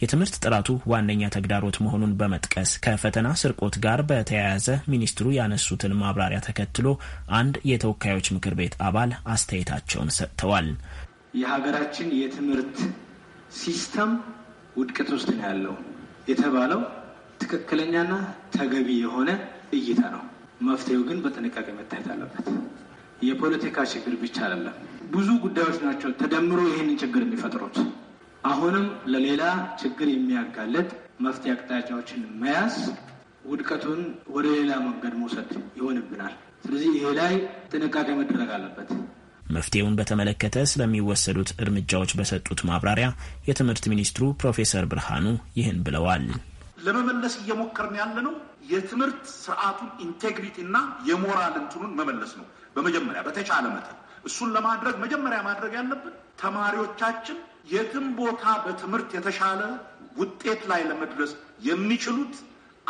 Speaker 6: የትምህርት ጥራቱ ዋነኛ ተግዳሮት መሆኑን በመጥቀስ ከፈተና ስርቆት ጋር በተያያዘ ሚኒስትሩ ያነሱትን ማብራሪያ ተከትሎ አንድ የተወካዮች ምክር ቤት አባል አስተያየታቸውን ሰጥተዋል። የሀገራችን የትምህርት ሲስተም ውድቀት
Speaker 8: ውስጥ ነው ያለው የተባለው ትክክለኛና ተገቢ የሆነ እይታ ነው። መፍትሄው ግን በጥንቃቄ መታየት አለበት። የፖለቲካ ችግር ብቻ አይደለም። ብዙ ጉዳዮች ናቸው ተደምሮ ይህንን ችግር የሚፈጥሩት። አሁንም ለሌላ ችግር የሚያጋለጥ መፍትሄ አቅጣጫዎችን መያዝ ውድቀቱን ወደ ሌላ መንገድ መውሰድ ይሆንብናል። ስለዚህ ይሄ ላይ ጥንቃቄ መደረግ አለበት።
Speaker 6: መፍትሄውን በተመለከተ ስለሚወሰዱት እርምጃዎች በሰጡት ማብራሪያ የትምህርት ሚኒስትሩ ፕሮፌሰር ብርሃኑ ይህን ብለዋል።
Speaker 3: ለመመለስ እየሞከርን ያለ ነው የትምህርት ስርዓቱን ኢንቴግሪቲ እና የሞራል እንትኑን መመለስ ነው። በመጀመሪያ በተቻለ መጠን እሱን ለማድረግ መጀመሪያ ማድረግ ያለብን ተማሪዎቻችን የትም ቦታ በትምህርት የተሻለ ውጤት ላይ ለመድረስ የሚችሉት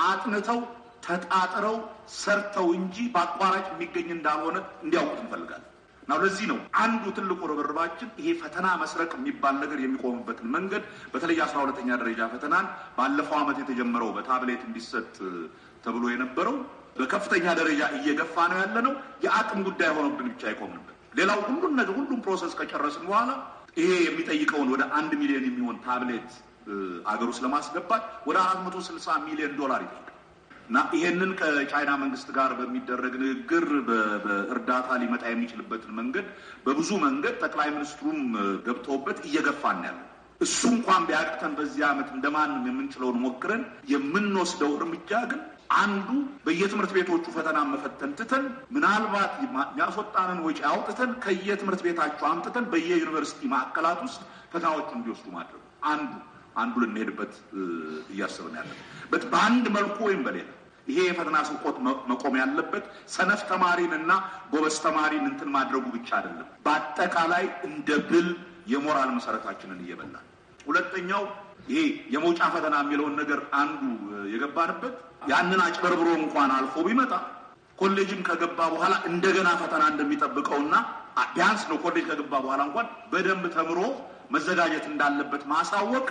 Speaker 3: አጥንተው ተጣጥረው ሰርተው እንጂ በአቋራጭ የሚገኝ እንዳልሆነ እንዲያውቁት እንፈልጋለን። ነው። ለዚህ ነው አንዱ ትልቁ ርብርባችን ይሄ ፈተና መስረቅ የሚባል ነገር የሚቆምበትን መንገድ በተለይ አስራ ሁለተኛ ደረጃ ፈተናን ባለፈው ዓመት የተጀመረው በታብሌት እንዲሰጥ ተብሎ የነበረው በከፍተኛ ደረጃ እየገፋ ነው ያለ ነው። የአቅም ጉዳይ ሆኖብን ብቻ አይቆምንበት። ሌላው ሁሉም ነገር ሁሉም ፕሮሰስ ከጨረስን በኋላ ይሄ የሚጠይቀውን ወደ አንድ ሚሊዮን የሚሆን ታብሌት አገር ውስጥ ለማስገባት ወደ አራት መቶ ስልሳ ሚሊዮን ዶላር ይጠይቃል። እና ይሄንን ከቻይና መንግስት ጋር በሚደረግ ንግግር በእርዳታ ሊመጣ የሚችልበትን መንገድ በብዙ መንገድ ጠቅላይ ሚኒስትሩም ገብተውበት እየገፋን ያለው እሱ እንኳን ቢያቅተን በዚህ ዓመት እንደማንም የምንችለውን ሞክረን የምንወስደው እርምጃ ግን አንዱ በየትምህርት ቤቶቹ ፈተና መፈተን ትተን ምናልባት የሚያስወጣንን ወጪ አውጥተን ከየትምህርት ቤታቸው አምጥተን በየዩኒቨርሲቲ ማዕከላት ውስጥ ፈተናዎቹ እንዲወስዱ ማድረግ አንዱ አንዱ ልንሄድበት እያስብን ያለን በአንድ መልኩ ወይም በሌላ ይሄ የፈተና ስርቆት መቆም ያለበት ሰነፍ ተማሪንና ጎበዝ ተማሪን እንትን ማድረጉ ብቻ አይደለም። በአጠቃላይ እንደ ብል የሞራል መሰረታችንን እየበላል። ሁለተኛው ይሄ የመውጫ ፈተና የሚለውን ነገር አንዱ የገባንበት ያንን አጭበርብሮ እንኳን አልፎ ቢመጣ ኮሌጅም ከገባ በኋላ እንደገና ፈተና እንደሚጠብቀውና ቢያንስ ነው ኮሌጅ ከገባ በኋላ እንኳን በደንብ ተምሮ መዘጋጀት እንዳለበት ማሳወቅ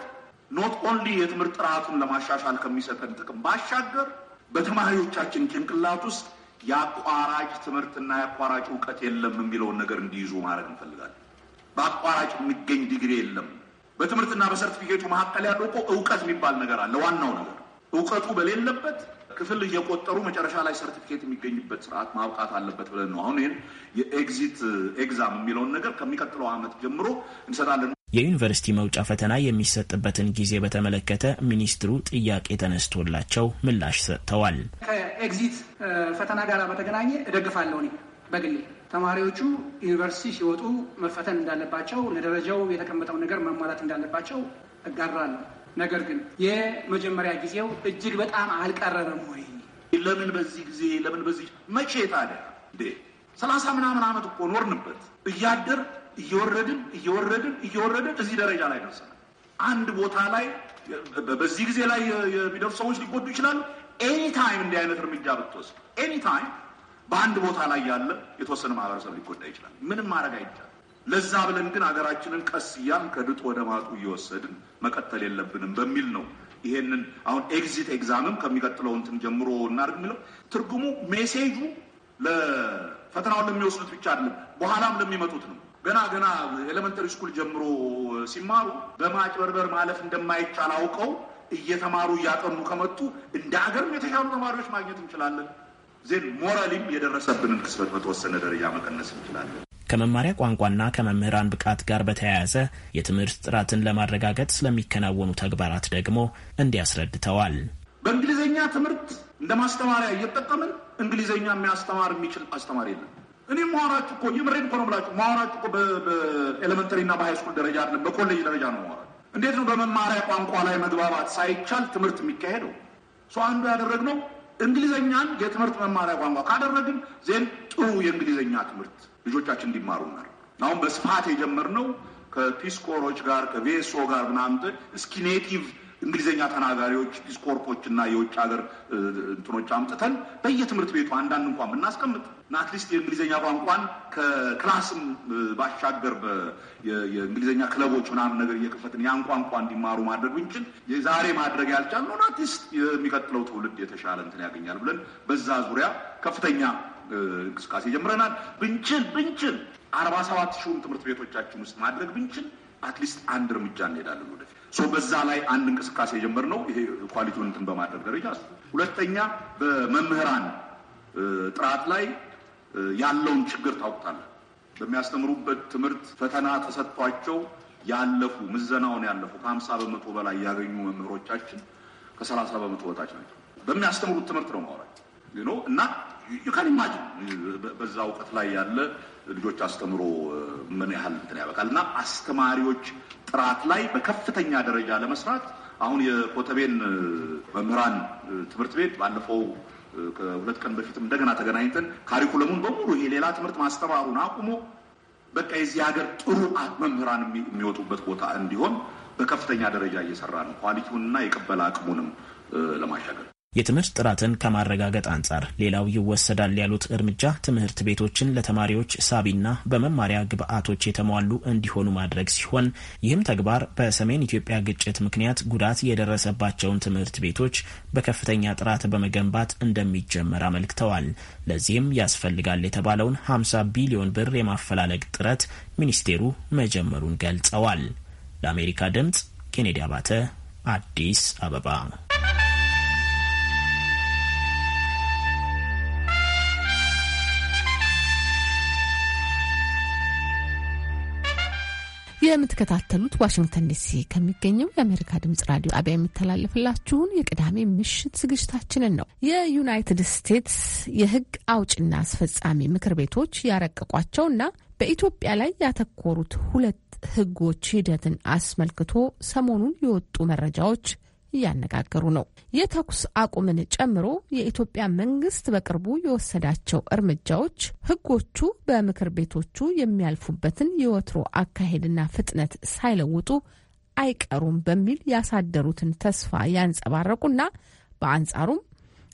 Speaker 3: ኖት ኦንሊ የትምህርት ጥራቱን ለማሻሻል ከሚሰጠን ጥቅም ባሻገር በተማሪዎቻችን ጭንቅላት ውስጥ የአቋራጭ ትምህርትና የአቋራጭ እውቀት የለም የሚለውን ነገር እንዲይዙ ማድረግ እንፈልጋለን። በአቋራጭ የሚገኝ ዲግሪ የለም። በትምህርትና በሰርቲፊኬቱ መካከል ያለው እኮ እውቀት የሚባል ነገር አለ። ዋናው ነገር እውቀቱ በሌለበት ክፍል እየቆጠሩ መጨረሻ ላይ ሰርቲፊኬት የሚገኝበት ስርዓት ማብቃት አለበት ብለን ነው አሁን ይህን የኤግዚት ኤግዛም የሚለውን ነገር ከሚቀጥለው ዓመት ጀምሮ እንሰጣለን።
Speaker 6: የዩኒቨርሲቲ መውጫ ፈተና የሚሰጥበትን ጊዜ በተመለከተ ሚኒስትሩ ጥያቄ ተነስቶላቸው ምላሽ ሰጥተዋል።
Speaker 3: ከኤግዚት
Speaker 2: ፈተና ጋር በተገናኘ እደግፋለሁ። እኔ በግሌ ተማሪዎቹ ዩኒቨርሲቲ ሲወጡ መፈተን እንዳለባቸው፣ ለደረጃው የተቀመጠው ነገር መሟላት እንዳለባቸው እጋራለሁ። ነገር ግን
Speaker 3: የመጀመሪያ ጊዜው እጅግ በጣም አልቀረበም ወይ? ለምን በዚህ ጊዜ ለምን በዚህ መቼ ታዲያ ሰላሳ ምናምን ዓመት እኮ ኖርንበት እያደር እየወረድን እየወረድን እየወረድን እዚህ ደረጃ ላይ ደርሰናል። አንድ ቦታ ላይ በዚህ ጊዜ ላይ የሚደርሱ ሰዎች ሊጎዱ ይችላሉ። ኤኒ ታይም እንዲህ አይነት እርምጃ ብትወስድ፣ ኤኒ ታይም በአንድ ቦታ ላይ ያለ የተወሰነ ማህበረሰብ ሊጎዳ ይችላል። ምንም ማድረግ አይቻልም። ለዛ ብለን ግን ሀገራችንን ቀስ እያልን ከድጡ ወደ ማጡ እየወሰድን መቀጠል የለብንም በሚል ነው ይሄንን አሁን ኤግዚት ኤግዛምም ከሚቀጥለው እንትን ጀምሮ እናድርግ የሚለው ትርጉሙ ሜሴጁ ለፈተናውን ለሚወስዱት ብቻ አይደለም፣ በኋላም ለሚመጡት ነው። ገና ገና ኤሌመንተሪ ስኩል ጀምሮ ሲማሩ በማጭበርበር ማለፍ እንደማይቻል አውቀው እየተማሩ እያጠኑ ከመጡ እንደ ሀገርም የተሻሉ ተማሪዎች ማግኘት እንችላለን። ዜን ሞራሊም የደረሰብንን ክስበት በተወሰነ ደረጃ መቀነስ እንችላለን።
Speaker 6: ከመማሪያ ቋንቋና ከመምህራን ብቃት ጋር በተያያዘ የትምህርት ጥራትን ለማረጋገጥ ስለሚከናወኑ ተግባራት ደግሞ እንዲያስረድተዋል።
Speaker 3: በእንግሊዝኛ ትምህርት እንደ ማስተማሪያ እየጠቀምን እንግሊዝኛ የሚያስተማር የሚችል አስተማሪ የለም። እኔ ማወራችሁ እኮ የምሬን እኮ ነው ብላችሁ ማወራችሁ እኮ በኤሌመንተሪ እና በሃይስኩል ደረጃ አይደለም፣ በኮሌጅ ደረጃ ነው ማወራችሁ። እንዴት ነው በመማሪያ ቋንቋ ላይ መግባባት ሳይቻል ትምህርት የሚካሄደው? ሰው አንዱ ያደረግነው እንግሊዘኛን የትምህርት መማሪያ ቋንቋ ካደረግን ዜን ጥሩ የእንግሊዝኛ ትምህርት ልጆቻችን እንዲማሩ እናደርግ። አሁን በስፋት የጀመርነው ከፒስኮሮች ጋር ከቬሶ ጋር ምናምን እስኪ ኔቲቭ እንግሊዝኛ ተናጋሪዎች ፒስኮርፖች እና የውጭ ሀገር እንትኖች አምጥተን በየትምህርት ቤቱ አንዳንድ እንኳን ብናስቀምጥ አትሊስት የእንግሊዝኛ ቋንቋን ከክላስም ባሻገር የእንግሊዝኛ ክለቦች ምናምን ነገር እየከፈትን ያን ቋንቋ እንዲማሩ ማድረግ ብንችል ዛሬ ማድረግ ነው። አትሊስት የሚቀጥለው ትውልድ የተሻለ እንትን ያገኛል ብለን በዛ ዙሪያ ከፍተኛ እንቅስቃሴ ጀምረናል። ብንችል ብንችል አርባ ሰባት ሺሁም ትምህርት ቤቶቻችን ውስጥ ማድረግ ብንችል አትሊስት አንድ እርምጃ እንሄዳለን ወደፊት። በዛ ላይ አንድ እንቅስቃሴ ነው። ይሄ ኳሊቲውን እንትን በማድረግ ደረጃ። ሁለተኛ በመምህራን ጥራት ላይ ያለውን ችግር ታውቃለህ። በሚያስተምሩበት ትምህርት ፈተና ተሰጥቷቸው ያለፉ ምዘናውን ያለፉ ከሀምሳ በመቶ በላይ ያገኙ መምህሮቻችን ከሰላሳ በመቶ በታች ናቸው። በሚያስተምሩት ትምህርት ነው ማውራት እና
Speaker 2: ዩካን ኢማጂን
Speaker 3: በዛ እውቀት ላይ ያለ ልጆች አስተምሮ ምን ያህል እንትን ያበቃል እና አስተማሪዎች ጥራት ላይ በከፍተኛ ደረጃ ለመስራት አሁን የኮተቤን መምህራን ትምህርት ቤት ባለፈው ከሁለት ቀን በፊትም እንደገና ተገናኝተን ካሪኩለሙን በሙሉ ይሄ ሌላ ትምህርት ማስተማሩን አቁሞ በቃ የዚህ ሀገር ጥሩ መምህራን የሚወጡበት ቦታ እንዲሆን በከፍተኛ ደረጃ እየሰራ ነው። ኳሊቲውንና የቅበላ አቅሙንም ለማሻገር
Speaker 6: የትምህርት ጥራትን ከማረጋገጥ አንጻር ሌላው ይወሰዳል ያሉት እርምጃ ትምህርት ቤቶችን ለተማሪዎች ሳቢና በመማሪያ ግብዓቶች የተሟሉ እንዲሆኑ ማድረግ ሲሆን ይህም ተግባር በሰሜን ኢትዮጵያ ግጭት ምክንያት ጉዳት የደረሰባቸውን ትምህርት ቤቶች በከፍተኛ ጥራት በመገንባት እንደሚጀመር አመልክተዋል። ለዚህም ያስፈልጋል የተባለውን 50 ቢሊዮን ብር የማፈላለግ ጥረት ሚኒስቴሩ መጀመሩን ገልጸዋል። ለአሜሪካ ድምፅ ኬኔዲ አባተ አዲስ አበባ
Speaker 1: የምትከታተሉት ዋሽንግተን ዲሲ ከሚገኘው የአሜሪካ ድምጽ ራዲዮ ጣቢያ የሚተላለፍላችሁን የቅዳሜ ምሽት ዝግጅታችንን ነው። የዩናይትድ ስቴትስ የሕግ አውጭና አስፈጻሚ ምክር ቤቶች ያረቀቋቸው እና በኢትዮጵያ ላይ ያተኮሩት ሁለት ሕጎች ሂደትን አስመልክቶ ሰሞኑን የወጡ መረጃዎች እያነጋገሩ ነው። የተኩስ አቁምን ጨምሮ የኢትዮጵያ መንግስት በቅርቡ የወሰዳቸው እርምጃዎች ህጎቹ በምክር ቤቶቹ የሚያልፉበትን የወትሮ አካሄድና ፍጥነት ሳይለውጡ አይቀሩም በሚል ያሳደሩትን ተስፋ ያንጸባረቁና በአንጻሩም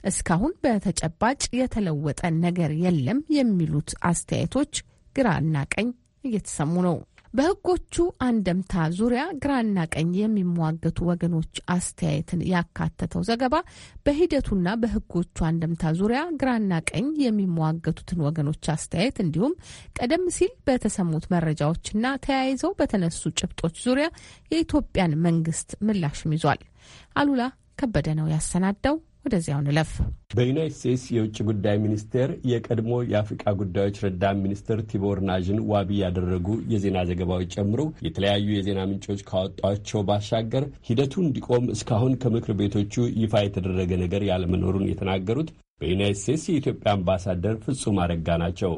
Speaker 1: እስካሁን በተጨባጭ የተለወጠ ነገር የለም የሚሉት አስተያየቶች ግራና ቀኝ እየተሰሙ ነው። በህጎቹ አንደምታ ዙሪያ ግራና ቀኝ የሚሟገቱ ወገኖች አስተያየትን ያካተተው ዘገባ በሂደቱና በህጎቹ አንደምታ ዙሪያ ግራና ቀኝ የሚሟገቱትን ወገኖች አስተያየት እንዲሁም ቀደም ሲል በተሰሙት መረጃዎችና ተያይዘው በተነሱ ጭብጦች ዙሪያ የኢትዮጵያን መንግስት ምላሽም ይዟል። አሉላ ከበደ ነው ያሰናዳው። ወደዚያው ንለፍ።
Speaker 7: በዩናይት ስቴትስ የውጭ ጉዳይ ሚኒስቴር የቀድሞ የአፍሪቃ ጉዳዮች ረዳት ሚኒስትር ቲቦር ናዥን ዋቢ ያደረጉ የዜና ዘገባዎች ጨምሮ የተለያዩ የዜና ምንጮች ካወጧቸው ባሻገር ሂደቱ እንዲቆም እስካሁን ከምክር ቤቶቹ ይፋ የተደረገ ነገር ያለመኖሩን የተናገሩት በዩናይት ስቴትስ የኢትዮጵያ አምባሳደር ፍጹም አረጋ ናቸው።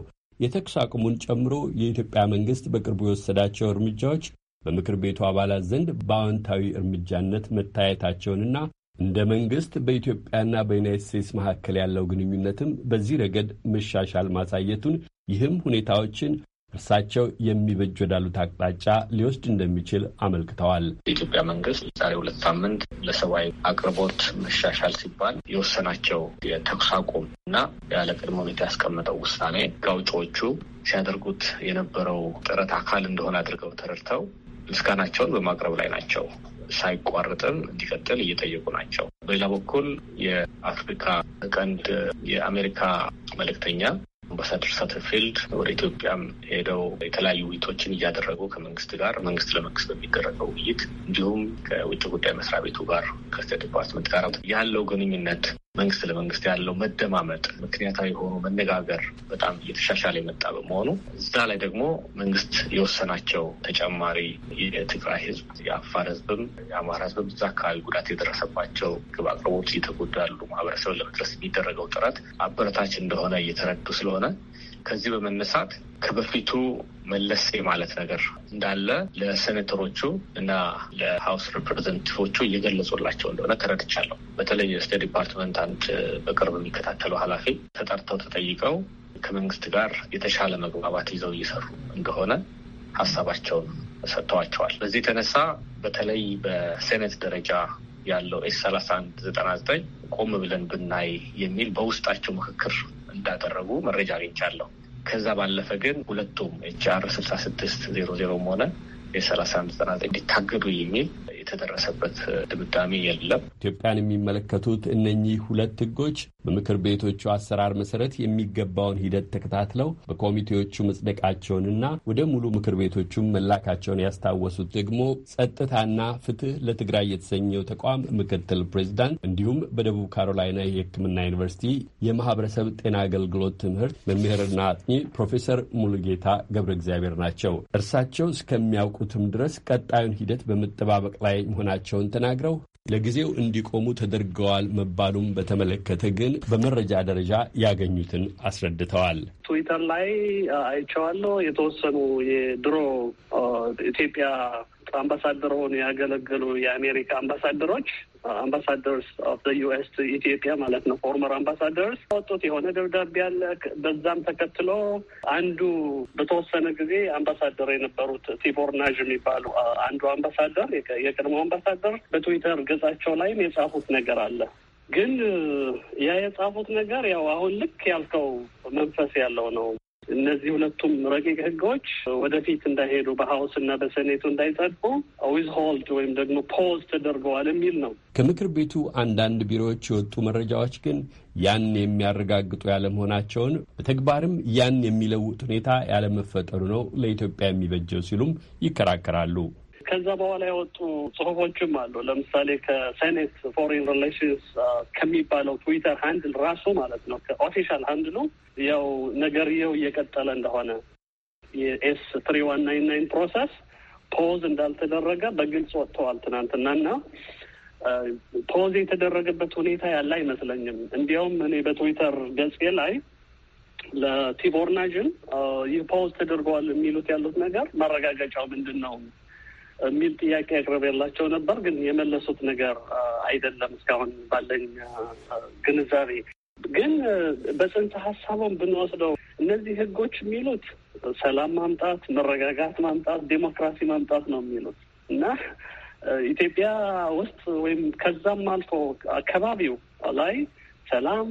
Speaker 7: የተኩስ አቁሙን ጨምሮ የኢትዮጵያ መንግስት በቅርቡ የወሰዳቸው እርምጃዎች በምክር ቤቱ አባላት ዘንድ በአዎንታዊ እርምጃነት መታየታቸውንና እንደ መንግስት በኢትዮጵያና በዩናይት ስቴትስ መካከል ያለው ግንኙነትም በዚህ ረገድ መሻሻል ማሳየቱን ይህም ሁኔታዎችን እርሳቸው የሚበጅ ወዳሉት አቅጣጫ ሊወስድ እንደሚችል አመልክተዋል።
Speaker 8: የኢትዮጵያ መንግስት ዛሬ ሁለት ሳምንት ለሰብአዊ አቅርቦት መሻሻል ሲባል የወሰናቸው የተኩስ
Speaker 6: አቁም እና ያለ ቅድመ ሁኔታ ያስቀመጠው ውሳኔ ጋውጮዎቹ ሲያደርጉት የነበረው ጥረት አካል እንደሆነ አድርገው ተረድተው ምስጋናቸውን በማቅረብ ላይ ናቸው። ሳይቋረጥም እንዲቀጥል እየጠየቁ ናቸው። በሌላ በኩል የአፍሪካ ቀንድ የአሜሪካ መልእክተኛ አምባሳደር ሳተርፊልድ ወደ ኢትዮጵያም ሄደው የተለያዩ ውይይቶችን እያደረጉ ከመንግስት ጋር መንግስት ለመንግስት በሚደረገው ውይይት እንዲሁም ከውጭ ጉዳይ መስሪያ ቤቱ ጋር ከስቴት ዲፓርትመንት ጋር ያለው ግንኙነት መንግስት ለመንግስት ያለው መደማመጥ፣ ምክንያታዊ የሆኑ መነጋገር በጣም እየተሻሻለ የመጣ በመሆኑ እዛ ላይ ደግሞ መንግስት የወሰናቸው ተጨማሪ የትግራይ ህዝብ የአፋር ህዝብም የአማራ ሕዝብ አካባቢ ጉዳት የደረሰባቸው ግብ አቅርቦት እየተጎዳ ማህበረሰብ ለመድረስ የሚደረገው ጥረት አበረታች እንደሆነ እየተረዱ ስለሆነ ከዚህ በመነሳት ከበፊቱ መለስ ማለት ነገር እንዳለ ለሴኔተሮቹ እና ለሀውስ ሪፕሬዘንቲቮቹ እየገለጹላቸው እንደሆነ ተረድቻለሁ። በተለይ ስቴት ዲፓርትመንት አንድ በቅርብ የሚከታተለው ኃላፊ ተጠርተው ተጠይቀው ከመንግስት ጋር የተሻለ መግባባት ይዘው እየሰሩ እንደሆነ ሀሳባቸውን ሰጥተዋቸዋል። በዚህ የተነሳ በተለይ በሴኔት ደረጃ ያለው ኤስ ሰላሳ አንድ ዘጠና ዘጠኝ ቆም ብለን ብናይ የሚል በውስጣቸው ምክክር እንዳደረጉ መረጃ አግኝቻለሁ። ከዛ ባለፈ ግን ሁለቱም ኤችአር ስልሳ ስድስት ዜሮ ዜሮም ሆነ የሰላሳ አንድ ዘጠና ዘጠኝ እንዲታገዱ የሚል የተደረሰበት ድምዳሜ የለም።
Speaker 7: ኢትዮጵያን የሚመለከቱት እነኚህ ሁለት ህጎች በምክር ቤቶቹ አሰራር መሰረት የሚገባውን ሂደት ተከታትለው በኮሚቴዎቹ መጽደቃቸውንና ወደ ሙሉ ምክር ቤቶቹም መላካቸውን ያስታወሱት ደግሞ ጸጥታና ፍትህ ለትግራይ የተሰኘው ተቋም ምክትል ፕሬዚዳንት እንዲሁም በደቡብ ካሮላይና የሕክምና ዩኒቨርሲቲ የማህበረሰብ ጤና አገልግሎት ትምህርት መምህርና አጥኚ ፕሮፌሰር ሙሉጌታ ገብረ እግዚአብሔር ናቸው። እርሳቸው እስከሚያውቁትም ድረስ ቀጣዩን ሂደት በመጠባበቅ ላይ ላይ መሆናቸውን ተናግረው ለጊዜው እንዲቆሙ ተደርገዋል መባሉም በተመለከተ ግን በመረጃ ደረጃ ያገኙትን አስረድተዋል።
Speaker 9: ትዊተር ላይ አይቼዋለሁ። የተወሰኑ የድሮ ኢትዮጵያ አምባሳደር ሆኑ ያገለገሉ የአሜሪካ አምባሳደሮች አምባሳደርስ ኦፍ ዘ ዩኤስ ኢትዮጵያ ማለት ነው ፎርመር አምባሳደርስ ወጡት የሆነ ደብዳቤ አለ። በዛም ተከትሎ አንዱ በተወሰነ ጊዜ አምባሳደር የነበሩት ቲቦር ናዥ የሚባሉ uh, አንዱ አምባሳደር የቀድሞ አምባሳደር በትዊተር ገጻቸው ላይም የጻፉት ነገር አለ። ግን uh, ያ የጻፉት ነገር ያው አሁን ልክ ያልከው መንፈስ ያለው ነው። እነዚህ ሁለቱም ረቂቅ ህጎች ወደፊት እንዳይሄዱ በሀውስ እና በሰኔቱ እንዳይጸድቁ ዊዝ ሆልድ ወይም ደግሞ ፖዝ ተደርገዋል የሚል ነው።
Speaker 7: ከምክር ቤቱ አንዳንድ ቢሮዎች የወጡ መረጃዎች ግን ያን የሚያረጋግጡ ያለመሆናቸውን በተግባርም ያን የሚለውጥ ሁኔታ ያለመፈጠሩ ነው ለኢትዮጵያ የሚበጀው ሲሉም ይከራከራሉ።
Speaker 9: ከዛ በኋላ የወጡ ጽሁፎችም አሉ። ለምሳሌ ከሴኔት ፎሬን ሪሌሽንስ ከሚባለው ትዊተር ሀንድል ራሱ ማለት ነው ከኦፊሻል ሀንድሉ ያው ነገርየው እየቀጠለ እንደሆነ የኤስ ትሪ ዋን ናይን ናይን ፕሮሰስ ፖዝ እንዳልተደረገ በግልጽ ወጥተዋል ትናንትናና ፖዝ የተደረገበት ሁኔታ ያለ አይመስለኝም። እንዲያውም እኔ በትዊተር ገጼ ላይ ለቲቦርናጅን ይህ ፖዝ ተደርገዋል የሚሉት ያሉት ነገር መረጋገጫው ምንድን ነው የሚል ጥያቄ አቅርቤላቸው ነበር፣ ግን የመለሱት ነገር አይደለም። እስካሁን ባለኝ ግንዛቤ ግን በጽንሰ ሀሳቡን ብንወስደው እነዚህ ህጎች የሚሉት ሰላም ማምጣት፣ መረጋጋት ማምጣት፣ ዴሞክራሲ ማምጣት ነው የሚሉት እና ኢትዮጵያ ውስጥ ወይም ከዛም አልፎ አካባቢው ላይ ሰላም፣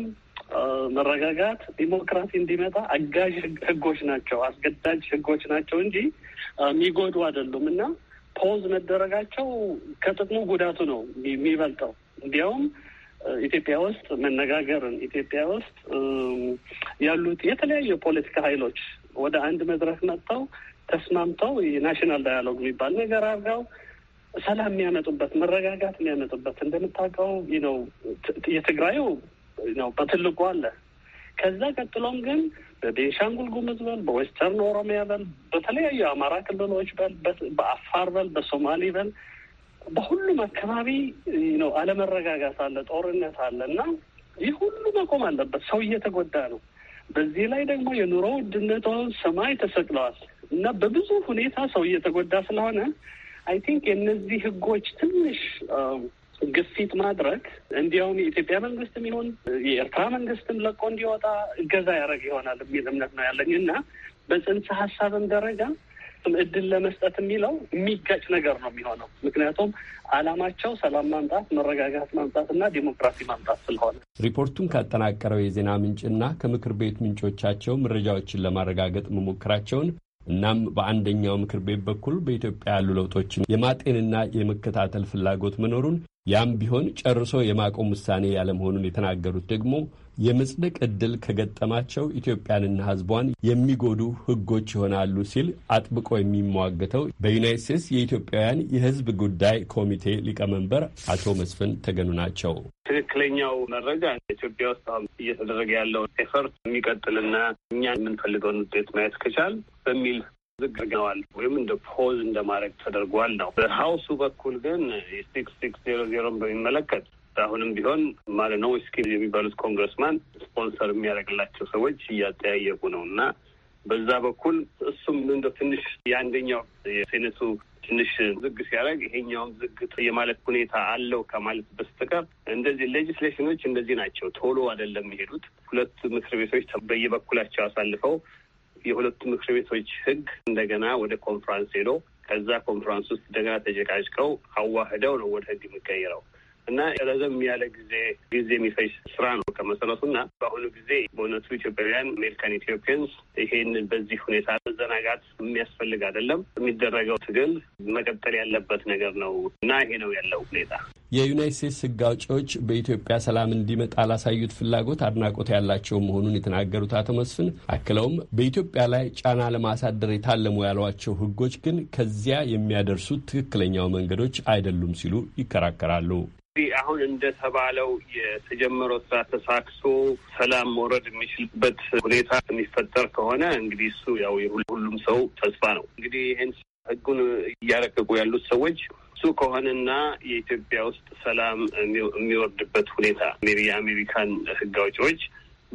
Speaker 9: መረጋጋት፣ ዲሞክራሲ እንዲመጣ አጋዥ ህጎች ናቸው፣ አስገዳጅ ህጎች ናቸው እንጂ የሚጎዱ አይደሉም እና ፖዝ መደረጋቸው ከጥቅሙ ጉዳቱ ነው የሚበልጠው። እንዲያውም ኢትዮጵያ ውስጥ መነጋገርን ኢትዮጵያ ውስጥ ያሉት የተለያዩ የፖለቲካ ኃይሎች ወደ አንድ መድረክ መጥተው ተስማምተው የናሽናል ዳያሎግ የሚባል ነገር አድርገው ሰላም የሚያመጡበት መረጋጋት የሚያመጡበት እንደምታውቀው ነው የትግራዩ ነው በትልቁ አለ። ከዛ ቀጥሎም ግን በቤንሻንጉል ጉምዝ በል፣ በዌስተርን ኦሮሚያ በል፣ በተለያዩ አማራ ክልሎች በል፣ በአፋር በል፣ በሶማሌ በል፣ በሁሉም አካባቢ ነው አለመረጋጋት አለ፣ ጦርነት አለ እና ይህ ሁሉ መቆም አለበት። ሰው እየተጎዳ ነው። በዚህ ላይ ደግሞ የኑሮ ውድነቷን ሰማይ ተሰቅለዋል እና በብዙ ሁኔታ ሰው እየተጎዳ ስለሆነ አይ ቲንክ የእነዚህ ህጎች ትንሽ ግፊት ማድረግ እንዲያውም የኢትዮጵያ መንግስትም ይሁን የኤርትራ መንግስትም ለቆ እንዲወጣ እገዛ ያደረግ ይሆናል የሚል እምነት ነው ያለኝ እና በጽንሰ ሀሳብም ደረጃ እድል ለመስጠት የሚለው የሚጋጭ ነገር ነው የሚሆነው። ምክንያቱም አላማቸው ሰላም ማምጣት፣ መረጋጋት ማምጣት እና ዲሞክራሲ ማምጣት ስለሆነ
Speaker 7: ሪፖርቱን ካጠናቀረው የዜና ምንጭና ከምክር ቤት ምንጮቻቸው መረጃዎችን ለማረጋገጥ መሞከራቸውን እናም በአንደኛው ምክር ቤት በኩል በኢትዮጵያ ያሉ ለውጦችን የማጤንና የመከታተል ፍላጎት መኖሩን ያም ቢሆን ጨርሶ የማቆም ውሳኔ ያለመሆኑን የተናገሩት ደግሞ የመጽደቅ ዕድል ከገጠማቸው ኢትዮጵያንና ሕዝቧን የሚጎዱ ሕጎች ይሆናሉ ሲል አጥብቆ የሚሟገተው በዩናይት ስቴትስ የኢትዮጵያውያን የሕዝብ ጉዳይ ኮሚቴ ሊቀመንበር አቶ መስፍን ተገኑ ናቸው።
Speaker 10: ትክክለኛው መረጃ ኢትዮጵያ ውስጥ አሁን እየተደረገ ያለው ኤፈርት የሚቀጥልና እኛ የምንፈልገውን ውጤት ማየት ከቻል በሚል ዝግርገዋል ወይም እንደ ፖዝ እንደማድረግ ተደርጓል ነው። በሀውሱ በኩል ግን ሲክስ ሲክስ ዜሮ ዜሮን በሚመለከት አሁንም ቢሆን ማለት ነው እስኪ የሚባሉት ኮንግረስማን ስፖንሰር የሚያደርግላቸው ሰዎች እያጠያየቁ ነው እና በዛ በኩል እሱም እንደ ትንሽ የአንደኛው የሴኔቱ ትንሽ ዝግ ሲያደርግ ይሄኛውም ዝግ የማለት ሁኔታ አለው ከማለት በስተቀር እንደዚህ ሌጅስሌሽኖች እንደዚህ ናቸው። ቶሎ አይደለም የሚሄዱት። ሁለት ምክር ቤቶች በየበኩላቸው አሳልፈው የሁለቱ ምክር ቤቶች ህግ እንደገና ወደ ኮንፍራንስ ሄዶ ከዛ ኮንፍራንስ ውስጥ እንደገና ተጨቃጭቀው አዋህደው ነው ወደ ህግ የሚቀይረው። እና ረዘም ያለ ጊዜ ጊዜ የሚፈጅ ስራ ነው ከመሰረቱ እና በአሁኑ ጊዜ በእውነቱ ኢትዮጵያውያን አሜሪካን ኢትዮጵያንስ ይሄን በዚህ ሁኔታ መዘናጋት የሚያስፈልግ አይደለም። የሚደረገው ትግል መቀጠል ያለበት ነገር ነው እና ይሄ ነው ያለው ሁኔታ።
Speaker 7: የዩናይት ስቴትስ ሕግ አውጪዎች በኢትዮጵያ ሰላም እንዲመጣ ላሳዩት ፍላጎት አድናቆት ያላቸው መሆኑን የተናገሩት አቶ መስፍን አክለውም በኢትዮጵያ ላይ ጫና ለማሳደር የታለሙ ያሏቸው ሕጎች ግን ከዚያ የሚያደርሱት ትክክለኛው መንገዶች አይደሉም ሲሉ ይከራከራሉ።
Speaker 10: እንግዲህ አሁን እንደተባለው የተጀመረው ስራ ተሳክሶ ሰላም መውረድ የሚችልበት ሁኔታ የሚፈጠር ከሆነ እንግዲህ እሱ ያው የሁሉም ሰው ተስፋ ነው። እንግዲህ ይህን ህጉን እያረቀቁ ያሉት ሰዎች እሱ ከሆነና የኢትዮጵያ ውስጥ ሰላም የሚወርድበት ሁኔታ የአሜሪካን ህግ አውጪዎች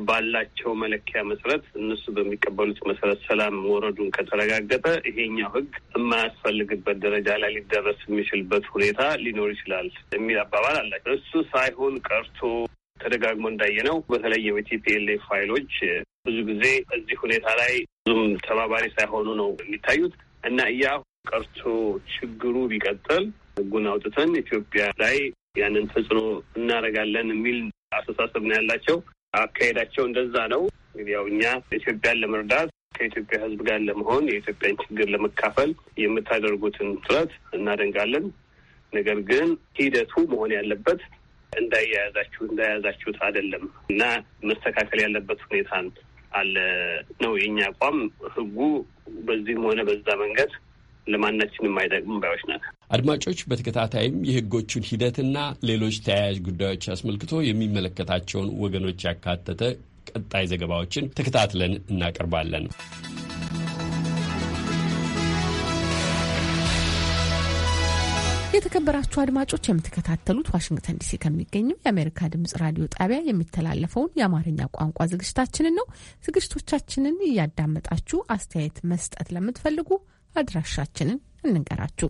Speaker 10: ባላቸው መለኪያ መሰረት እነሱ በሚቀበሉት መሰረት ሰላም መውረዱን ከተረጋገጠ ይሄኛው ህግ የማያስፈልግበት ደረጃ ላይ ሊደረስ የሚችልበት ሁኔታ ሊኖር ይችላል የሚል አባባል አላቸው። እሱ ሳይሆን ቀርቶ ተደጋግሞ እንዳየነው በተለየ የቲፒኤልኤፍ ፋይሎች ብዙ ጊዜ እዚህ ሁኔታ ላይ ብዙም ተባባሪ ሳይሆኑ ነው የሚታዩት እና ያ ቀርቶ ችግሩ ቢቀጥል ህጉን አውጥተን ኢትዮጵያ ላይ ያንን ተጽዕኖ እናደርጋለን የሚል አስተሳሰብ ነው ያላቸው። አካሄዳቸው እንደዛ ነው። ያው እኛ ኢትዮጵያን ለመርዳት ከኢትዮጵያ ሕዝብ ጋር ለመሆን የኢትዮጵያን ችግር ለመካፈል የምታደርጉትን ጥረት እናደንቃለን። ነገር ግን ሂደቱ መሆን ያለበት እንዳያያዛችሁ እንዳያያዛችሁት አይደለም እና መስተካከል ያለበት ሁኔታ አለ ነው የእኛ አቋም። ህጉ በዚህም ሆነ በዛ መንገድ ለማናችን የማይጠቅሙ ባዮች ነን።
Speaker 7: አድማጮች በተከታታይም የህጎቹን ሂደትና ሌሎች ተያያዥ ጉዳዮች አስመልክቶ የሚመለከታቸውን ወገኖች ያካተተ ቀጣይ ዘገባዎችን ተከታትለን እናቀርባለን።
Speaker 1: የተከበራችሁ አድማጮች የምትከታተሉት ዋሽንግተን ዲሲ ከሚገኘው የአሜሪካ ድምጽ ራዲዮ ጣቢያ የሚተላለፈውን የአማርኛ ቋንቋ ዝግጅታችንን ነው። ዝግጅቶቻችንን እያዳመጣችሁ አስተያየት መስጠት ለምትፈልጉ አድራሻችንን እንንገራችሁ።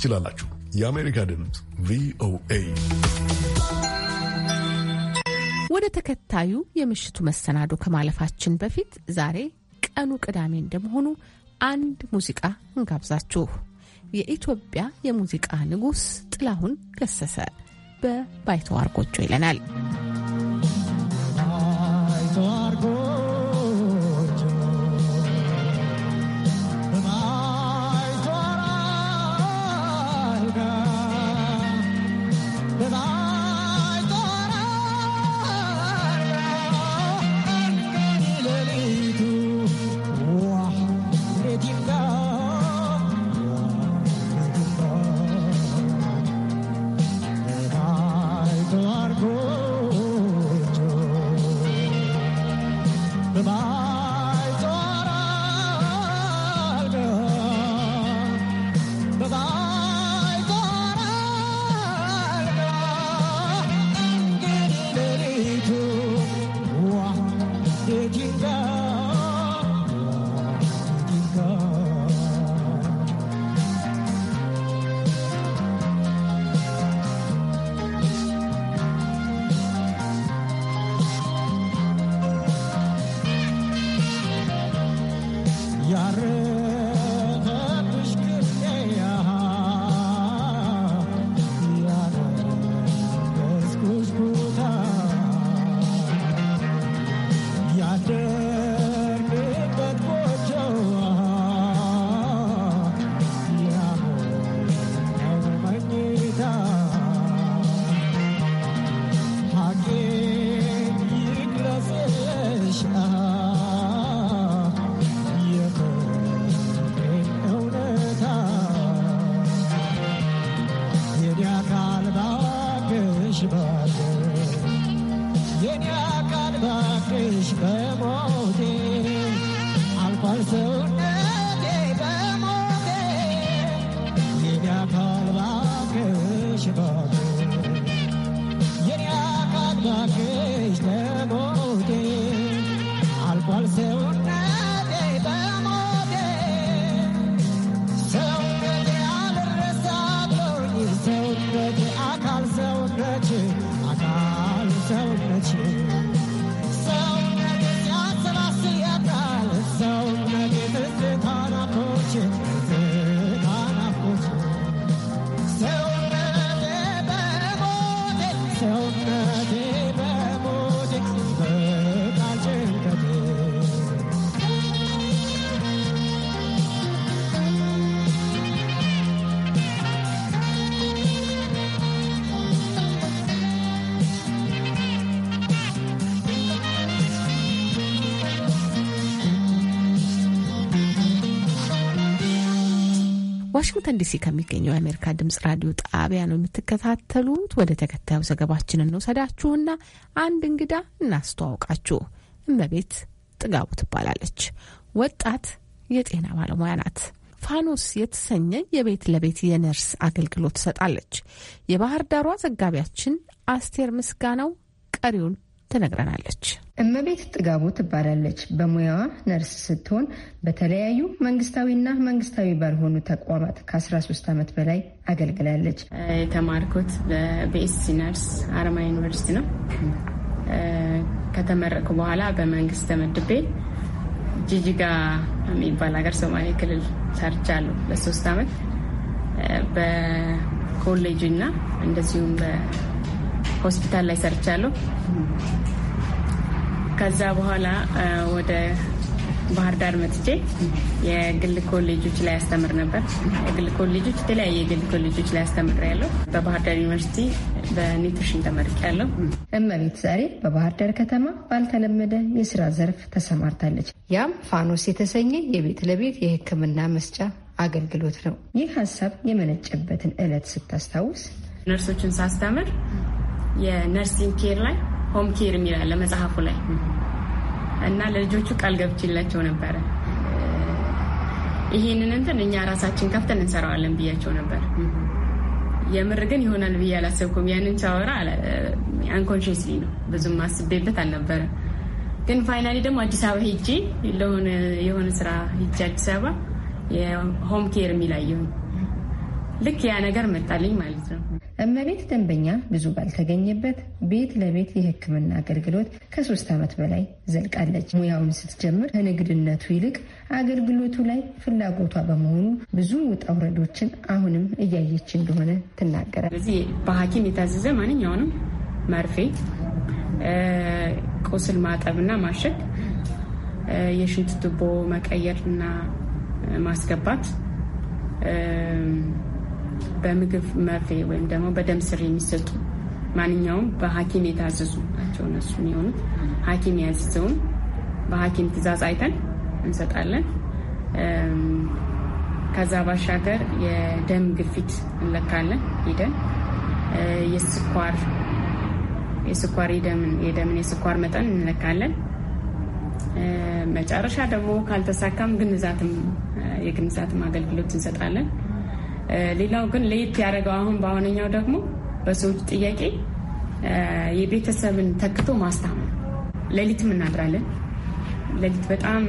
Speaker 11: ትችላላችሁ። የአሜሪካ ድምፅ ቪኦኤ።
Speaker 1: ወደ ተከታዩ የምሽቱ መሰናዶ ከማለፋችን በፊት ዛሬ ቀኑ ቅዳሜ እንደመሆኑ አንድ ሙዚቃ እንጋብዛችሁ። የኢትዮጵያ የሙዚቃ ንጉሥ ጥላሁን ገሰሰ በባይተዋር ጎጆ ይለናል። ዋሽንግተን ዲሲ ከሚገኘው የአሜሪካ ድምጽ ራዲዮ ጣቢያ ነው የምትከታተሉት። ወደ ተከታዩ ዘገባችን እንውሰዳችሁና አንድ እንግዳ እናስተዋውቃችሁ። እመቤት ጥጋቡ ትባላለች። ወጣት የጤና ባለሙያ ናት። ፋኖስ የተሰኘ የቤት ለቤት የነርስ አገልግሎት ትሰጣለች። የባህር ዳሯ ዘጋቢያችን አስቴር ምስጋናው ቀሪውን ትነግረናለች።
Speaker 12: እመቤት ጥጋቡ ትባላለች። በሙያዋ ነርስ ስትሆን በተለያዩ መንግስታዊና መንግስታዊ ባልሆኑ ተቋማት ከ13 ዓመት በላይ አገልግላለች።
Speaker 13: የተማርኩት በቢኤስሲ ነርስ አረማ ዩኒቨርሲቲ ነው። ከተመረቅኩ በኋላ በመንግስት ተመድቤ ጂጂጋ የሚባል ሀገር ሶማሌ ክልል ሰርቻለሁ ለሶስት ዓመት በኮሌጅ እና እንደዚሁም ሆስፒታል ላይ ሰርቻለሁ። ከዛ በኋላ ወደ ባህር ዳር መጥቼ የግል ኮሌጆች ላይ ያስተምር ነበር። የግል ኮሌጆች የተለያየ የግል ኮሌጆች ላይ ያስተምር ያለው በባህር ዳር ዩኒቨርሲቲ
Speaker 12: በኒትሪሽን ተመርቅ ያለው እመቤት ዛሬ በባህር ዳር ከተማ ባልተለመደ የስራ ዘርፍ ተሰማርታለች። ያም ፋኖስ የተሰኘ የቤት ለቤት የሕክምና መስጫ አገልግሎት ነው። ይህ ሀሳብ የመነጨበትን ዕለት ስታስታውስ ነርሶችን
Speaker 13: ሳስተምር የነርሲንግ ኬር ላይ ሆም ኬር የሚላለ መጽሐፉ ላይ እና ለልጆቹ ቃል ገብችላቸው ነበረ። ይሄንን እንትን እኛ ራሳችን ከፍተን እንሰራዋለን ብያቸው ነበር። የምር ግን ይሆናል ብዬ አላሰብኩም። ያንን ቻወራ አንኮንሽስሊ ነው ብዙም አስቤበት አልነበረም። ግን ፋይናሊ ደግሞ አዲስ አበባ ሄጄ ለሆነ የሆነ ስራ ሄጄ አዲስ አበባ የሆም ኬር የሚላየው ልክ ያ ነገር መጣልኝ ማለት ነው።
Speaker 12: እመቤት ደንበኛ ብዙ ባልተገኘበት ቤት ለቤት የሕክምና አገልግሎት ከሶስት ዓመት በላይ ዘልቃለች። ሙያውን ስትጀምር ከንግድነቱ ይልቅ አገልግሎቱ ላይ ፍላጎቷ በመሆኑ ብዙ ውጣ ውረዶችን አሁንም እያየች እንደሆነ ትናገራል። ስለዚህ
Speaker 13: በሐኪም የታዘዘ ማንኛውንም መርፌ፣ ቁስል ማጠብና ማሸግ፣ የሽንት ቱቦ መቀየርና ማስገባት በምግብ መርፌ ወይም ደግሞ በደም ስር የሚሰጡ ማንኛውም በሐኪም የታዘዙ ናቸው። እነሱ የሚሆኑት ሐኪም ያዘዘውን በሐኪም ትእዛዝ አይተን እንሰጣለን። ከዛ ባሻገር የደም ግፊት እንለካለን ሂደን የስኳር የስኳር የደምን የስኳር መጠን እንለካለን። መጨረሻ ደግሞ ካልተሳካም ግንዛትም የግንዛትም አገልግሎት እንሰጣለን። ሌላው ግን ለየት ያደረገው አሁን በአሁነኛው ደግሞ በሰዎች ጥያቄ የቤተሰብን ተክቶ ማስታመም። ሌሊትም እናድራለን። ሌሊት በጣም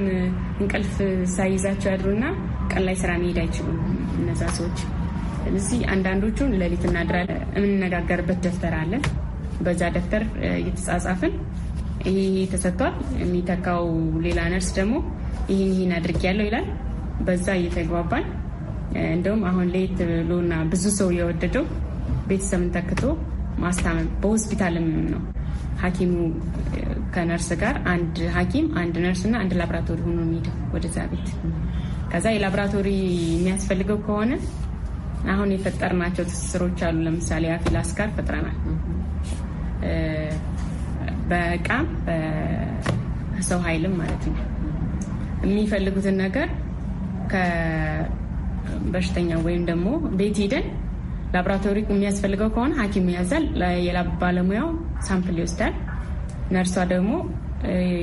Speaker 13: እንቅልፍ ሳይዛቸው ያድሩና ቀን ላይ ስራ መሄድ አይችሉም እነዛ ሰዎች። እዚህ አንዳንዶቹን ሌሊት እናድራለን። የምንነጋገርበት ደብተር አለ። በዛ ደብተር እየተጻጻፍን ይሄ ተሰጥቷል፣ የሚተካው ሌላ ነርስ ደግሞ ይህን ይህን አድርጌያለሁ ይላል። በዛ እየተግባባን እንደውም አሁን ሌት ብሎና ብዙ ሰው የወደደው ቤተሰብን ተክቶ ማስታመም በሆስፒታልም ነው። ሐኪሙ ከነርስ ጋር አንድ ሐኪም አንድ ነርስ እና አንድ ላብራቶሪ ሆኖ የሚሄደው ወደዛ ቤት። ከዛ የላብራቶሪ የሚያስፈልገው ከሆነ አሁን የፈጠርናቸው ትስስሮች አሉ። ለምሳሌ አፊላስ ጋር ፈጥረናል። በእቃም በሰው ኃይልም ማለት ነው የሚፈልጉትን ነገር በሽተኛ ወይም ደግሞ ቤት ሂደን ላብራቶሪ የሚያስፈልገው ከሆነ ሐኪም ያዛል። የላብ ባለሙያው ሳምፕል ይወስዳል። ነርሷ ደግሞ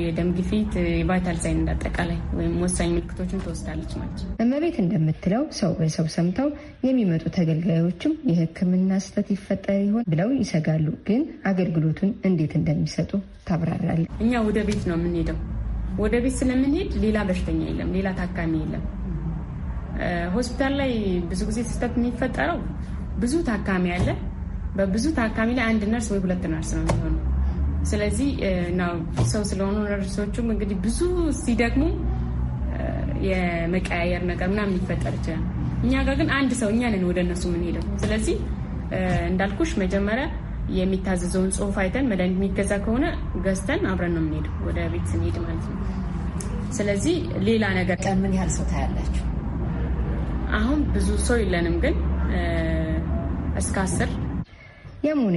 Speaker 13: የደም ግፊት፣ የቫይታል ሳይን እንዳጠቃላይ ወይም ወሳኝ ምልክቶችን ትወስዳለች ማለት ነው።
Speaker 12: እመቤት እንደምትለው ሰው በሰው ሰምተው የሚመጡ ተገልጋዮችም የሕክምና ስህተት ይፈጠር ይሆን ብለው ይሰጋሉ። ግን አገልግሎቱን እንዴት እንደሚሰጡ ታብራራለች።
Speaker 13: እኛ ወደ ቤት ነው የምንሄደው። ወደ ቤት ስለምንሄድ ሌላ በሽተኛ የለም፣ ሌላ ታካሚ የለም። ሆስፒታል ላይ ብዙ ጊዜ ስህተት የሚፈጠረው ብዙ ታካሚ አለ። በብዙ ታካሚ ላይ አንድ ነርስ ወይ ሁለት ነርስ ነው የሚሆኑ። ስለዚህ ሰው ስለሆኑ ነርሶቹም እንግዲህ ብዙ ሲደግሙ የመቀያየር ነገር ምናምን ሊፈጠር ይችላል። እኛ ጋር ግን አንድ ሰው እኛ ነን ወደ እነሱ የምንሄደው። ስለዚህ እንዳልኩሽ መጀመሪያ የሚታዘዘውን ጽሁፍ አይተን መድኃኒት የሚገዛ ከሆነ ገዝተን አብረን ነው የምንሄደው ወደ ቤት ስንሄድ ማለት ነው። ስለዚህ ሌላ ነገር ቀን ምን ያህል ሰው ታያላችሁ? አሁን ብዙ ሰው የለንም፣ ግን እስከ አስር
Speaker 12: የሙኔ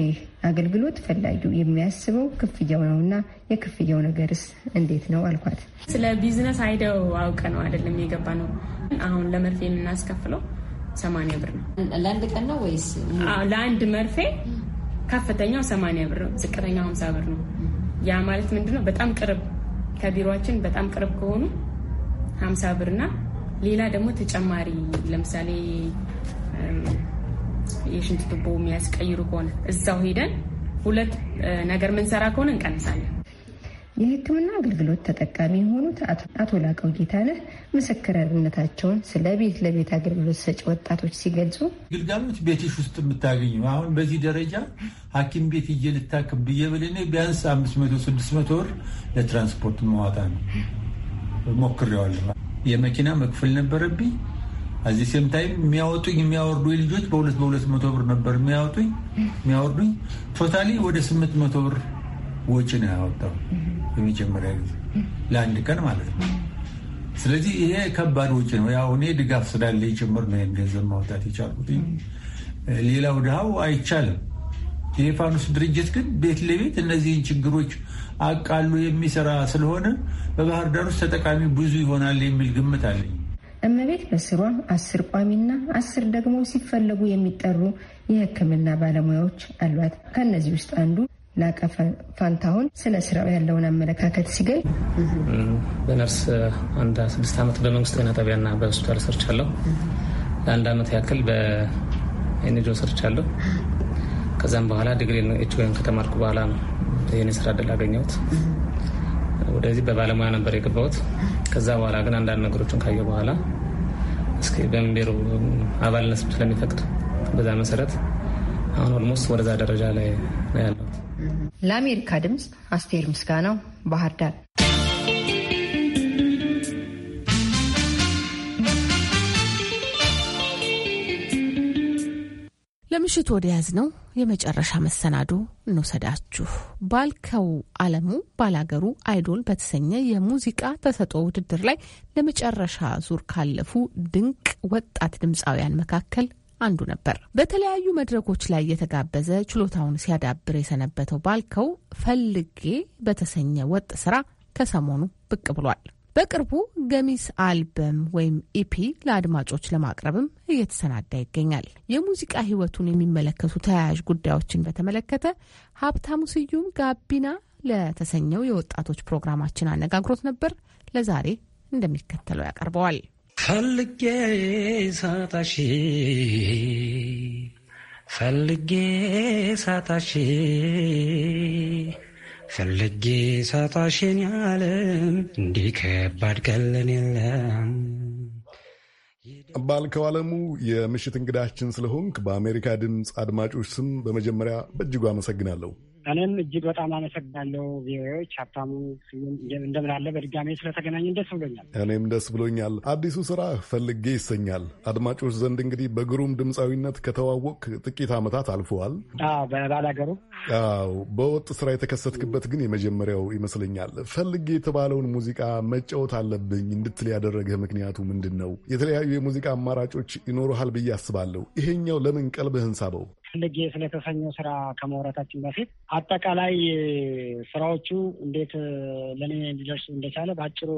Speaker 12: አገልግሎት ፈላጊው የሚያስበው ክፍያው እና የክፍያው ነገርስ እንዴት ነው አልኳት።
Speaker 13: ስለ ቢዝነስ አይደው አውቀ ነው አይደለም የገባ ነው። አሁን ለመርፌ የምናስከፍለው ሰማንያ ብር ነው። ለአንድ ቀን ነው ወይስ ለአንድ መርፌ? ከፍተኛው ሰማንያ ብር ነው፣ ዝቅተኛው ሀምሳ ብር ነው። ያ ማለት ምንድነው? በጣም ቅርብ ከቢሮችን በጣም ቅርብ ከሆኑ ሀምሳ ብርና ሌላ ደግሞ ተጨማሪ ለምሳሌ የሽንት ቱቦ የሚያስቀይሩ ከሆነ እዛው ሄደን ሁለት ነገር ምንሰራ ከሆነ እንቀንሳለን።
Speaker 12: የሕክምና አገልግሎት ተጠቃሚ የሆኑት አቶ ላቀው ጌታነህ ምስክርነታቸውን ስለ ቤት ለቤት አገልግሎት ሰጪ ወጣቶች ሲገልጹ
Speaker 8: ግልጋሎት ቤትሽ ውስጥ የምታገኙ አሁን በዚህ ደረጃ ሐኪም ቤት እየ ልታክም ብዬ ብል እኔ ቢያንስ አምስት መቶ ስድስት መቶ ብር ለትራንስፖርት መዋጣ ነው ሞክሬዋለሁ። የመኪና መክፈል ነበረብኝ። እዚህ ሴም ታይም የሚያወጡኝ የሚያወርዱ ልጆች በሁለት በሁለት መቶ ብር ነበር የሚያወጡኝ የሚያወርዱኝ። ቶታሊ ወደ ስምንት መቶ ብር ወጪ ነው ያወጣው የመጀመሪያ ጊዜ ለአንድ ቀን ማለት ነው። ስለዚህ ይሄ ከባድ ወጪ ነው። ያው እኔ ድጋፍ ስላለ ጭምር ነው ገንዘብ ማውጣት የቻልኩት። ሌላው ድሃው አይቻልም። የፋኖስ ድርጅት ግን ቤት ለቤት እነዚህን ችግሮች አቃሉ የሚሰራ ስለሆነ በባህር ዳር ውስጥ ተጠቃሚ ብዙ ይሆናል የሚል ግምት አለኝ።
Speaker 12: እመቤት በስሯ አስር ቋሚና አስር ደግሞ ሲፈለጉ የሚጠሩ የሕክምና ባለሙያዎች አሏት። ከእነዚህ ውስጥ አንዱ ላቀፈ ፋንታሁን ስለ ስራው ያለውን አመለካከት ሲገኝ
Speaker 5: በነርስ አንድ ስድስት ዓመት በመንግስት ጤና ጣቢያና በሆስፒታል ሰርቻለሁ። ለአንድ ዓመት ያክል በኤንጂኦ ሰርቻለሁ። ከዛም በኋላ ዲግሪ ኤች ወይም ከተማርኩ በኋላ ነው ይህን ስራ እድል አገኘሁት። ወደዚህ በባለሙያ ነበር የገባሁት። ከዛ በኋላ ግን አንዳንድ ነገሮችን ካየሁ በኋላ እስኪ በምንቤሩ አባልነት ስለሚፈቅድ በዛ መሰረት አሁን ኦልሞስት ወደዛ ደረጃ ላይ ነው ያለሁት።
Speaker 12: ለአሜሪካ ድምፅ አስቴር ምስጋናው ባህር ዳር
Speaker 1: ለምሽቱ ወደ ያዝ ነው የመጨረሻ መሰናዶ እንውሰዳችሁ። ባልከው አለሙ ባላገሩ አይዶል በተሰኘ የሙዚቃ ተሰጥኦ ውድድር ላይ ለመጨረሻ ዙር ካለፉ ድንቅ ወጣት ድምፃውያን መካከል አንዱ ነበር። በተለያዩ መድረኮች ላይ የተጋበዘ ችሎታውን ሲያዳብር የሰነበተው ባልከው ፈልጌ በተሰኘ ወጥ ስራ ከሰሞኑ ብቅ ብሏል። በቅርቡ ገሚስ አልበም ወይም ኢፒ ለአድማጮች ለማቅረብም እየተሰናዳ ይገኛል። የሙዚቃ ሕይወቱን የሚመለከቱ ተያያዥ ጉዳዮችን በተመለከተ ሀብታሙ ስዩም ጋቢና ለተሰኘው የወጣቶች ፕሮግራማችን አነጋግሮት ነበር። ለዛሬ እንደሚከተለው ያቀርበዋል።
Speaker 5: ፈልጌ ሳታሺ ፈልጌ ፈልጌ ሳጣሽን ያለም
Speaker 11: እንዲህ ከባድ ቀለን የለም። ባልከው ዓለሙ የምሽት እንግዳችን ስለሆንክ በአሜሪካ ድምፅ አድማጮች ስም በመጀመሪያ በእጅጉ አመሰግናለሁ።
Speaker 14: እኔም እጅግ በጣም አመሰግናለሁ። ቪዎች ሀብታሙ እንደምናለ በድጋሜ ስለተገናኘን ደስ ብሎኛል።
Speaker 11: እኔም ደስ ብሎኛል። አዲሱ ስራ ፈልጌ ይሰኛል። አድማጮች ዘንድ እንግዲህ በግሩም ድምፃዊነት ከተዋወቅ ጥቂት ዓመታት አልፈዋል። በባላገሩ አዎ፣ በወጥ ስራ የተከሰትክበት ግን የመጀመሪያው ይመስለኛል። ፈልጌ የተባለውን ሙዚቃ መጫወት አለብኝ እንድትል ያደረገህ ምክንያቱ ምንድን ነው? የተለያዩ የሙዚቃ አማራጮች ይኖረሃል ብዬ አስባለሁ። ይሄኛው ለምን ቀልብህን ሳበው?
Speaker 14: ፈልጌ ስለተሰኘው ስራ ከማውራታችን በፊት አጠቃላይ ስራዎቹ እንዴት ለእኔ እንዲደርሱ እንደቻለ በአጭሩ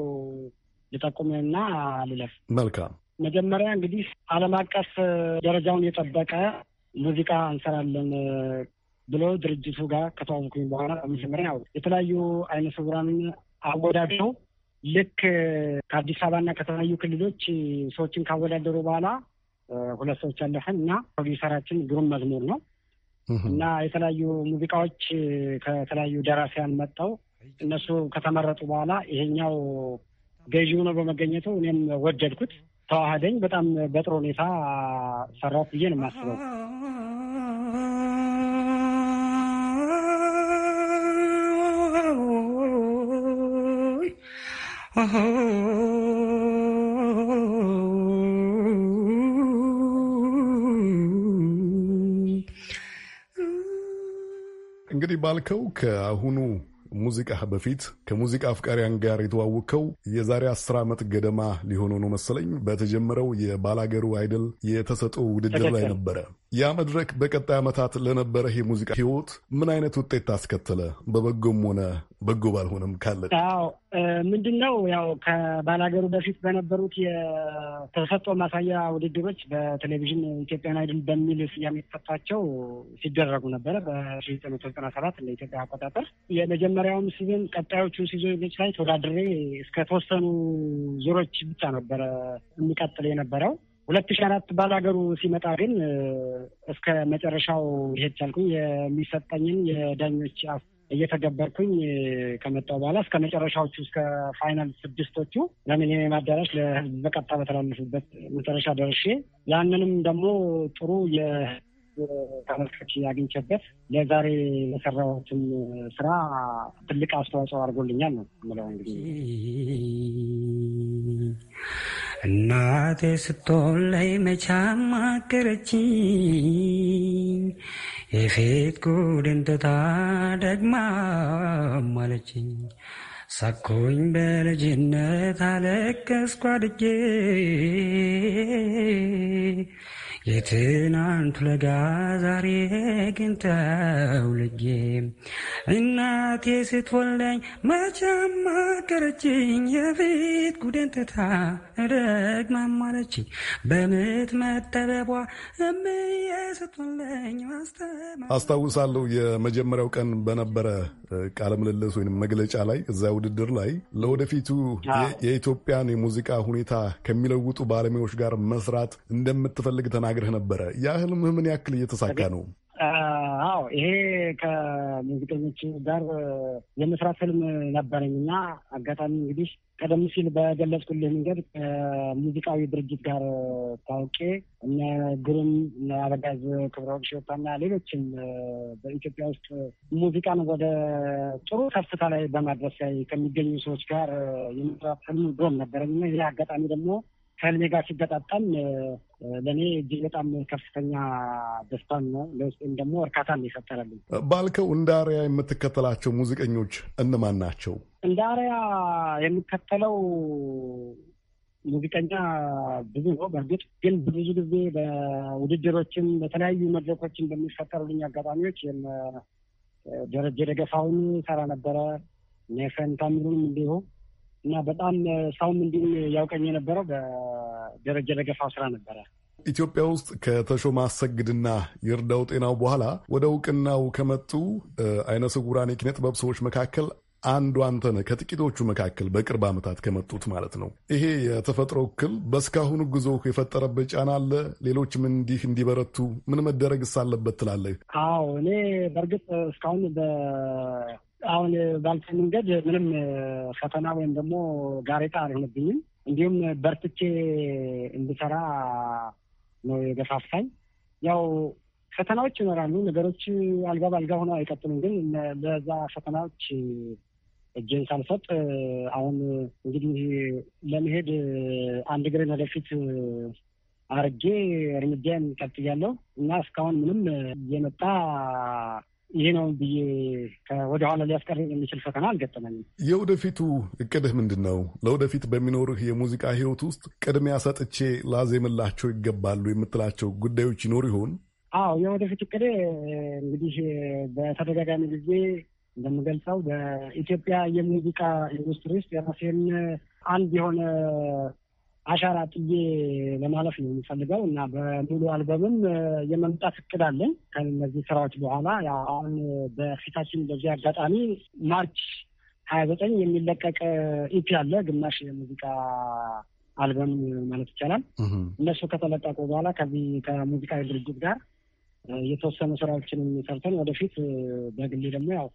Speaker 14: ልጠቁምና ልለፍ። መልካም። መጀመሪያ እንግዲህ ዓለም አቀፍ ደረጃውን የጠበቀ ሙዚቃ እንሰራለን ብሎ ድርጅቱ ጋር ከተዋወቅኩኝ በኋላ በመጀመሪያ ያው የተለያዩ አይነ ስውራንን አወዳድረው ልክ ከአዲስ አበባና ከተለያዩ ክልሎች ሰዎችን ካወዳደሩ በኋላ ሁለት ሰዎች አለፈን እና ፕሮዲውሰራችን ግሩም መዝሙር ነው እና የተለያዩ ሙዚቃዎች ከተለያዩ ደራሲያን መጠው እነሱ ከተመረጡ በኋላ ይሄኛው ገዢ ሆኖ በመገኘቱ እኔም ወደድኩት፣ ተዋህደኝ። በጣም በጥሩ ሁኔታ ሰራት ብዬ ነው የማስበው።
Speaker 15: Oh
Speaker 11: እንግዲህ ባልከው ከአሁኑ ሙዚቃ በፊት ከሙዚቃ አፍቃሪያን ጋር የተዋወቅከው የዛሬ አስር ዓመት ገደማ ሊሆነ ነው መሰለኝ። በተጀመረው የባላገሩ አይደል የተሰጠው ውድድር ላይ ነበረ። ያ መድረክ በቀጣይ ዓመታት ለነበረህ የሙዚቃ ህይወት ምን አይነት ውጤት ታስከተለ? በበጎም ሆነ በጎ ባልሆነም ካለ
Speaker 15: ው
Speaker 14: ምንድን ነው ያው ከባላገሩ በፊት በነበሩት የተሰጦ ማሳያ ውድድሮች በቴሌቪዥን ኢትዮጵያን አይድል በሚል ስያሜ የተሰጣቸው ሲደረጉ ነበረ። በ1997 እንደ ኢትዮጵያ አቆጣጠር የመጀመሪያውን ሲዝን ቀጣዮቹን ሲዞች ላይ ተወዳድሬ እስከ ተወሰኑ ዙሮች ብቻ ነበረ የሚቀጥል የነበረው ሁለት ሺ አራት ባላገሩ ሲመጣ ግን እስከ መጨረሻው ይሄድ ቻልኩኝ። የሚሰጠኝን የዳኞች እየተገበርኩኝ ከመጣው በኋላ እስከ መጨረሻዎቹ እስከ ፋይናል ስድስቶቹ ለሚሊኒየም አዳራሽ ለህዝብ በቀጥታ በተላለፉበት መጨረሻ ደርሼ ያንንም ደግሞ ጥሩ ተመልካች ያገኝቸበት ለዛሬ የሰራሁትን ስራ ትልቅ አስተዋጽኦ አድርጎልኛል ነው ምለው። እንግዲህ
Speaker 5: እናቴ ስትሆን ላይ መቻ ማገረች የፌት ጉድንትታ ደግማ ማለችኝ ሳኮኝ በልጅነት አለቀስኳድጌ የትናንቱ ለጋ ዛሬ ግን ተውልጌ እናቴ ስትወልደኝ መቼም አገረችኝ። የፊት ጉዴን ትታ ደግማም አለችኝ።
Speaker 11: በምት
Speaker 5: መጠበቧ እምዬ ስትወልደኝ
Speaker 11: አስታውሳለሁ። የመጀመሪያው ቀን በነበረ ቃለ ምልልስ ወይም መግለጫ ላይ እዚያ ውድድር ላይ ለወደፊቱ የኢትዮጵያን የሙዚቃ ሁኔታ ከሚለውጡ ባለሙያዎች ጋር መስራት እንደምትፈልግ ተናግ ተናግረህ ነበረ። ያ ህልምህ ምን ያክል እየተሳካ ነው?
Speaker 15: አዎ ይሄ
Speaker 14: ከሙዚቀኞች ጋር የመስራት ህልም ነበረኝ እና አጋጣሚ እንግዲህ ቀደም ሲል በገለጽኩልህ መንገድ ከሙዚቃዊ ድርጅት ጋር ታውቄ እነ ግሩም እነ አበጋዝ ክብረወርቅ ሽዮታና ሌሎችም በኢትዮጵያ ውስጥ ሙዚቃን ወደ ጥሩ ከፍታ ላይ በማድረስ ላይ ከሚገኙ ሰዎች ጋር የመስራት ህልም ድሮም ነበረኝ እና ይህ አጋጣሚ ደግሞ ከህልሜ ጋር ሲገጣጠም ለእኔ እጅግ በጣም ከፍተኛ ደስታን ነው፣ ለውስጤም ደግሞ እርካታን የፈጠረልኝ።
Speaker 11: ባልከው እንደ አርያ የምትከተላቸው ሙዚቀኞች እነማን ናቸው?
Speaker 14: እንደ አርያ የምከተለው ሙዚቀኛ ብዙ ነው። በእርግጥ ግን ብዙ ጊዜ በውድድሮችን በተለያዩ መድረኮችን በሚፈጠሩልኝ አጋጣሚዎች ደረጀ ደገፋውን ሰራ ነበረ፣ ኔፈን ታምሩንም እንዲሁም እና በጣም ሰውም እንዲሁም ያውቀኝ የነበረው በደረጀ ደገፋ ስራ ነበረ።
Speaker 11: ኢትዮጵያ ውስጥ ከተሾመ አሰግድና ይርዳው ጤናው በኋላ ወደ እውቅናው ከመጡ አይነ ስውራን የኪነ ጥበብ ሰዎች መካከል አንዱ አንተ ነህ። ከጥቂቶቹ መካከል በቅርብ ዓመታት ከመጡት ማለት ነው። ይሄ የተፈጥሮ እክል በእስካሁኑ ጉዞ የፈጠረበት ጫና አለ? ሌሎችም እንዲህ እንዲበረቱ ምን መደረግስ አለበት ትላለህ?
Speaker 14: አዎ እኔ በእርግጥ እስካሁን አሁን ባልተ መንገድ ምንም ፈተና ወይም ደግሞ ጋሬጣ አልሆነብኝም። እንዲሁም በርትቼ እንድሰራ ነው የገፋፋኝ። ያው ፈተናዎች ይኖራሉ። ነገሮች አልጋ ባልጋ ሆነው አይቀጥሉም። ግን በዛ ፈተናዎች እጄን ሳልሰጥ አሁን እንግዲህ ለመሄድ አንድ እግርን ወደፊት አርጌ እርምጃን ቀጥያለሁ እና እስካሁን ምንም የመጣ ይሄ ነው ብዬ ወደኋላ ሊያስቀረኝ የሚችል ፈተና አልገጠመኝም።
Speaker 11: የወደፊቱ እቅድህ ምንድን ነው? ለወደፊት በሚኖርህ የሙዚቃ ህይወት ውስጥ ቅድሚያ ሰጥቼ ላዜምላቸው ይገባሉ የምትላቸው ጉዳዮች ይኖር ይሆን?
Speaker 14: አዎ የወደፊት እቅድ እንግዲህ በተደጋጋሚ ጊዜ እንደምገልጸው በኢትዮጵያ የሙዚቃ ኢንዱስትሪ ውስጥ የራሴን አንድ የሆነ አሻራ ጥዬ ለማለፍ ነው የሚፈልገው እና በሙሉ አልበምም የመምጣት እቅድ አለኝ ከነዚህ ስራዎች በኋላ አሁን በፊታችን በዚህ አጋጣሚ ማርች ሀያ ዘጠኝ የሚለቀቅ ኢፒ አለ ግማሽ የሙዚቃ አልበም ማለት ይቻላል። እነሱ ከተለቀቁ በኋላ ከዚህ ከሙዚቃዊ ድርጅት ጋር የተወሰኑ ስራዎችን ሰርተን ወደፊት በግሌ ደግሞ ያው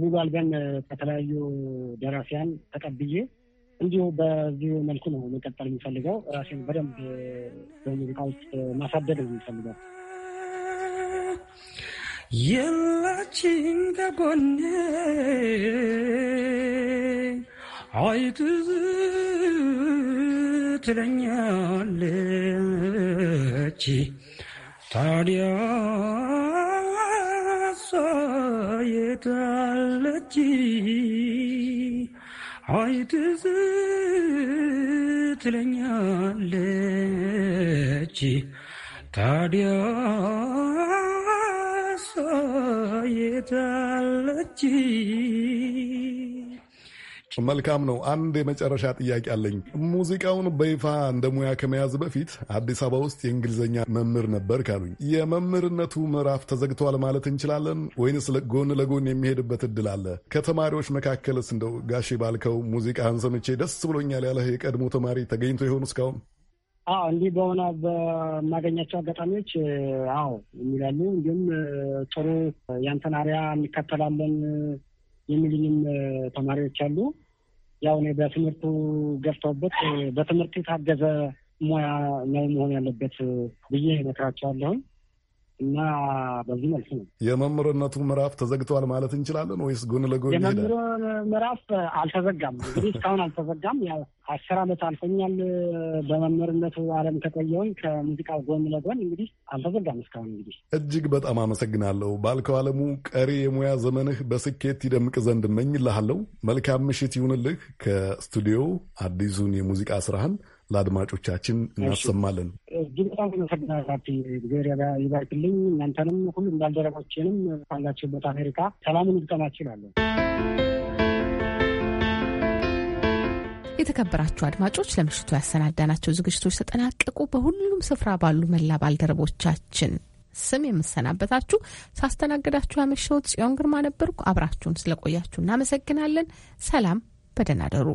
Speaker 14: ሙሉ አልበም ከተለያዩ ደራሲያን ተቀብዬ እንዲሁ በዚሁ መልኩ ነው መቀጠል የሚፈልገው። ራሴን በደንብ በሙዚቃ ውስጥ ማሳደግ ነው የሚፈልገው።
Speaker 5: የላችን ከጎኔ አይትዝ ትለኛለች ታዲያ የታለች አይ ትዝ ትለኛለች ታዲያ
Speaker 11: ሳየታለች መልካም ነው። አንድ የመጨረሻ ጥያቄ አለኝ። ሙዚቃውን በይፋ እንደ ሙያ ከመያዝ በፊት አዲስ አበባ ውስጥ የእንግሊዝኛ መምህር ነበር ካሉኝ፣ የመምህርነቱ ምዕራፍ ተዘግተዋል ማለት እንችላለን ወይንስ ጎን ለጎን የሚሄድበት እድል አለ? ከተማሪዎች መካከልስ እንደው ጋሼ ባልከው ሙዚቃ አንሰምቼ ደስ ብሎኛል ያለህ የቀድሞ ተማሪ ተገኝቶ የሆኑ እስካሁን?
Speaker 14: አዎ እንዲህ በሆነ በማገኛቸው አጋጣሚዎች አዎ የሚላሉ እንዲሁም ጥሩ ያንተናሪያ እንከተላለን የሚልኝም ተማሪዎች አሉ። ያው እኔ በትምህርቱ ገፍተውበት በትምህርት የታገዘ ሙያ ነው መሆን ያለበት ብዬ እመክራቸዋለሁኝ። እና በዚህ መልክ ነው
Speaker 11: የመምህርነቱ ምዕራፍ ተዘግተዋል ማለት እንችላለን ወይስ ጎን ለጎን የመምህር
Speaker 14: ምዕራፍ አልተዘጋም። እንግዲህ እስካሁን አልተዘጋም። ያው አስር ዓመት አልፎኛል በመምህርነቱ አለም ከቆየውን ከሙዚቃው ጎን ለጎን እንግዲህ አልተዘጋም እስካሁን። እንግዲህ
Speaker 11: እጅግ በጣም አመሰግናለሁ ባልከው አለሙ፣ ቀሪ የሙያ ዘመንህ በስኬት ይደምቅ ዘንድ እመኝልሃለሁ። መልካም ምሽት ይሁንልህ። ከስቱዲዮ አዲሱን የሙዚቃ ስራህን ለአድማጮቻችን እናሰማለን።
Speaker 15: እጅግ
Speaker 14: በጣም መሰግናላት ጊዜር ይባርክልኝ። እናንተንም ሁሉም ባልደረቦችንም ካላችሁበት
Speaker 1: አሜሪካ ሰላምን ሰላሙን ይብጠናችላለሁ። የተከበራችሁ አድማጮች ለምሽቱ ያሰናዳናቸው ዝግጅቶች ተጠናቀቁ። በሁሉም ስፍራ ባሉ መላ ባልደረቦቻችን ስም የምሰናበታችሁ ሳስተናግዳችሁ ያመሸሁት ጽዮን ግርማ ነበርኩ። አብራችሁን ስለቆያችሁ እናመሰግናለን። ሰላም፣ በደህና ደሩ።